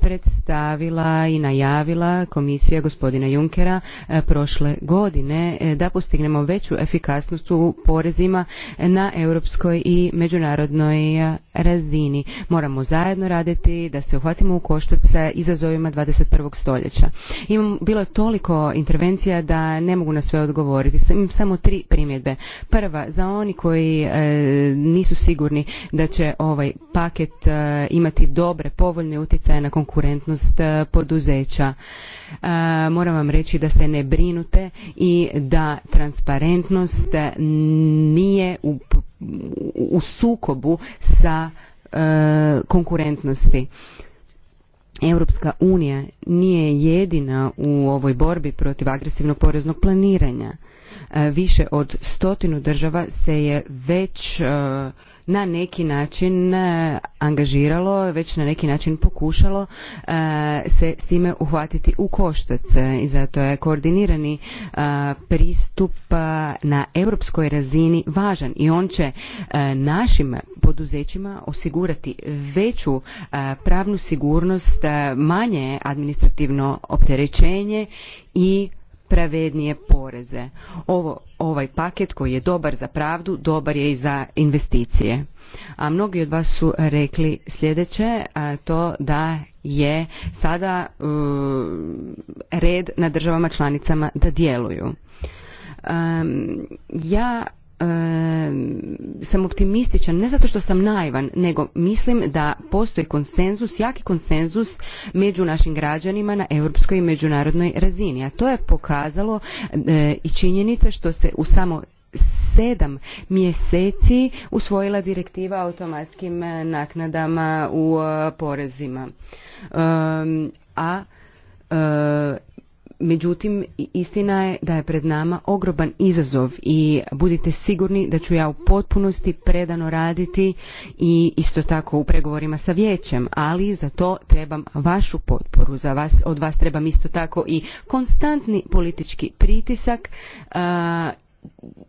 Speaker 6: predstavila i najavila komisija gospodina Junkera prošle godine godine e, da postignemo veću efikasnost u porezima na europskoj i međunarodnoj e, razini. Moramo zajedno raditi da se uhvatimo u koštac sa izazovima 21. stoljeća. Imam, bilo je toliko intervencija da ne mogu na sve odgovoriti. Imam samo tri primjedbe. Prva, za oni koji e, nisu sigurni da će ovaj paket imati dobre, povoljne utjecaje na konkurentnost poduzeća. Moram vam reći da se ne brinute i da transparentnost nije u, u sukobu sa e, konkurentnosti. Europska unija nije jedina u ovoj borbi protiv agresivnog poreznog planiranja. E, više od stotinu država se je već e, na neki način e, angažiralo, već na neki način pokušalo e, se s time uhvatiti u koštac e, i zato je koordinirani pristup na europskoj razini važan i on će našim poduzećima osigurati veću pravnu sigurnost, manje administrativno opterećenje i pravednije poreze. ovaj paket koji je dobar za pravdu, dobar je i za investicije. A mnogi od vas su rekli sljedeće, to da je sada red na državama članicama da djeluju. ja sam optimističan ne zato što sam naivan nego mislim da postoji konsenzus jaki konsenzus među našim građanima na europskoj i međunarodnoj razini a to je pokazalo e, i činjenica što se u samo sedam mjeseci usvojila direktiva o automatskim e, naknadama u e, porezima a Međutim, istina je da je pred nama ogroban izazov i budite sigurni da ću ja u potpunosti predano raditi i isto tako u pregovorima sa vijećem, ali za to trebam vašu potporu, za vas, od vas trebam isto tako i konstantni politički pritisak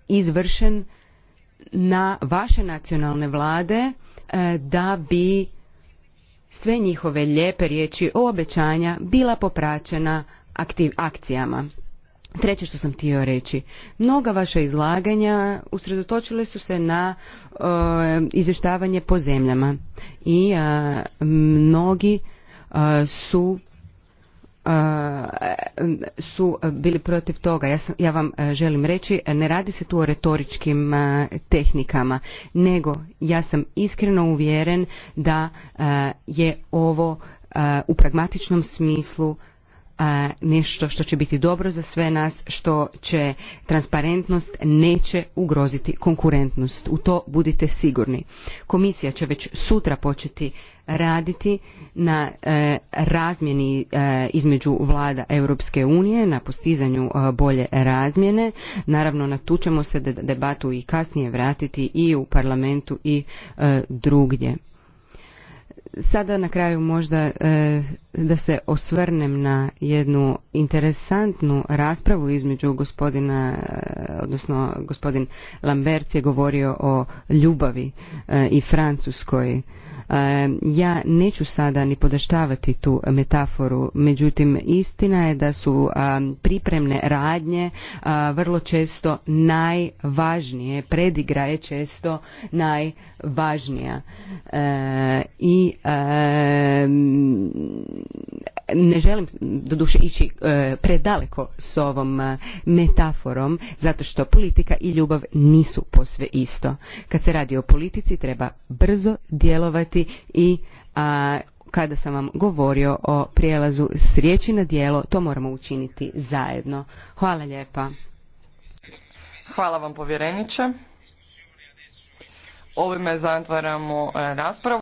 Speaker 6: izvršen na vaše nacionalne vlade da bi sve njihove lijepe riječi o obećanja bila popraćena aktiv, akcijama. Treće što sam htio reći, mnoga vaša izlaganja usredotočile su se na e, izvještavanje po zemljama i e, mnogi e, su su bili protiv toga. Ja, sam, ja vam želim reći, ne radi se tu o retoričkim tehnikama, nego ja sam iskreno uvjeren da je ovo u pragmatičnom smislu nešto što će biti dobro za sve nas, što će transparentnost neće ugroziti konkurentnost. U to budite sigurni. Komisija će već sutra početi raditi na e, razmjeni e, između vlada Europske unije, na postizanju e, bolje razmjene. Naravno, na tu ćemo se debatu i kasnije vratiti i u parlamentu i drugdje. Sada na kraju možda e, da se osvrnem na jednu interesantnu raspravu između gospodina, e, odnosno gospodin Lambert je govorio o ljubavi e, i Francuskoj. E, ja neću sada ni podaštavati tu metaforu, međutim istina je da su pripremne radnje vrlo često najvažnije, predigra je često najvažnija. E, I e, ne želim doduše ići e, predaleko s ovom e, metaforom zato što politika i ljubav nisu posve isto kad se radi o politici treba brzo djelovati i a, kada sam vam govorio o prijelazu s riječi na djelo to moramo učiniti zajedno hvala lijepa
Speaker 5: hvala vam povjereniče ovime zatvaramo e, raspravu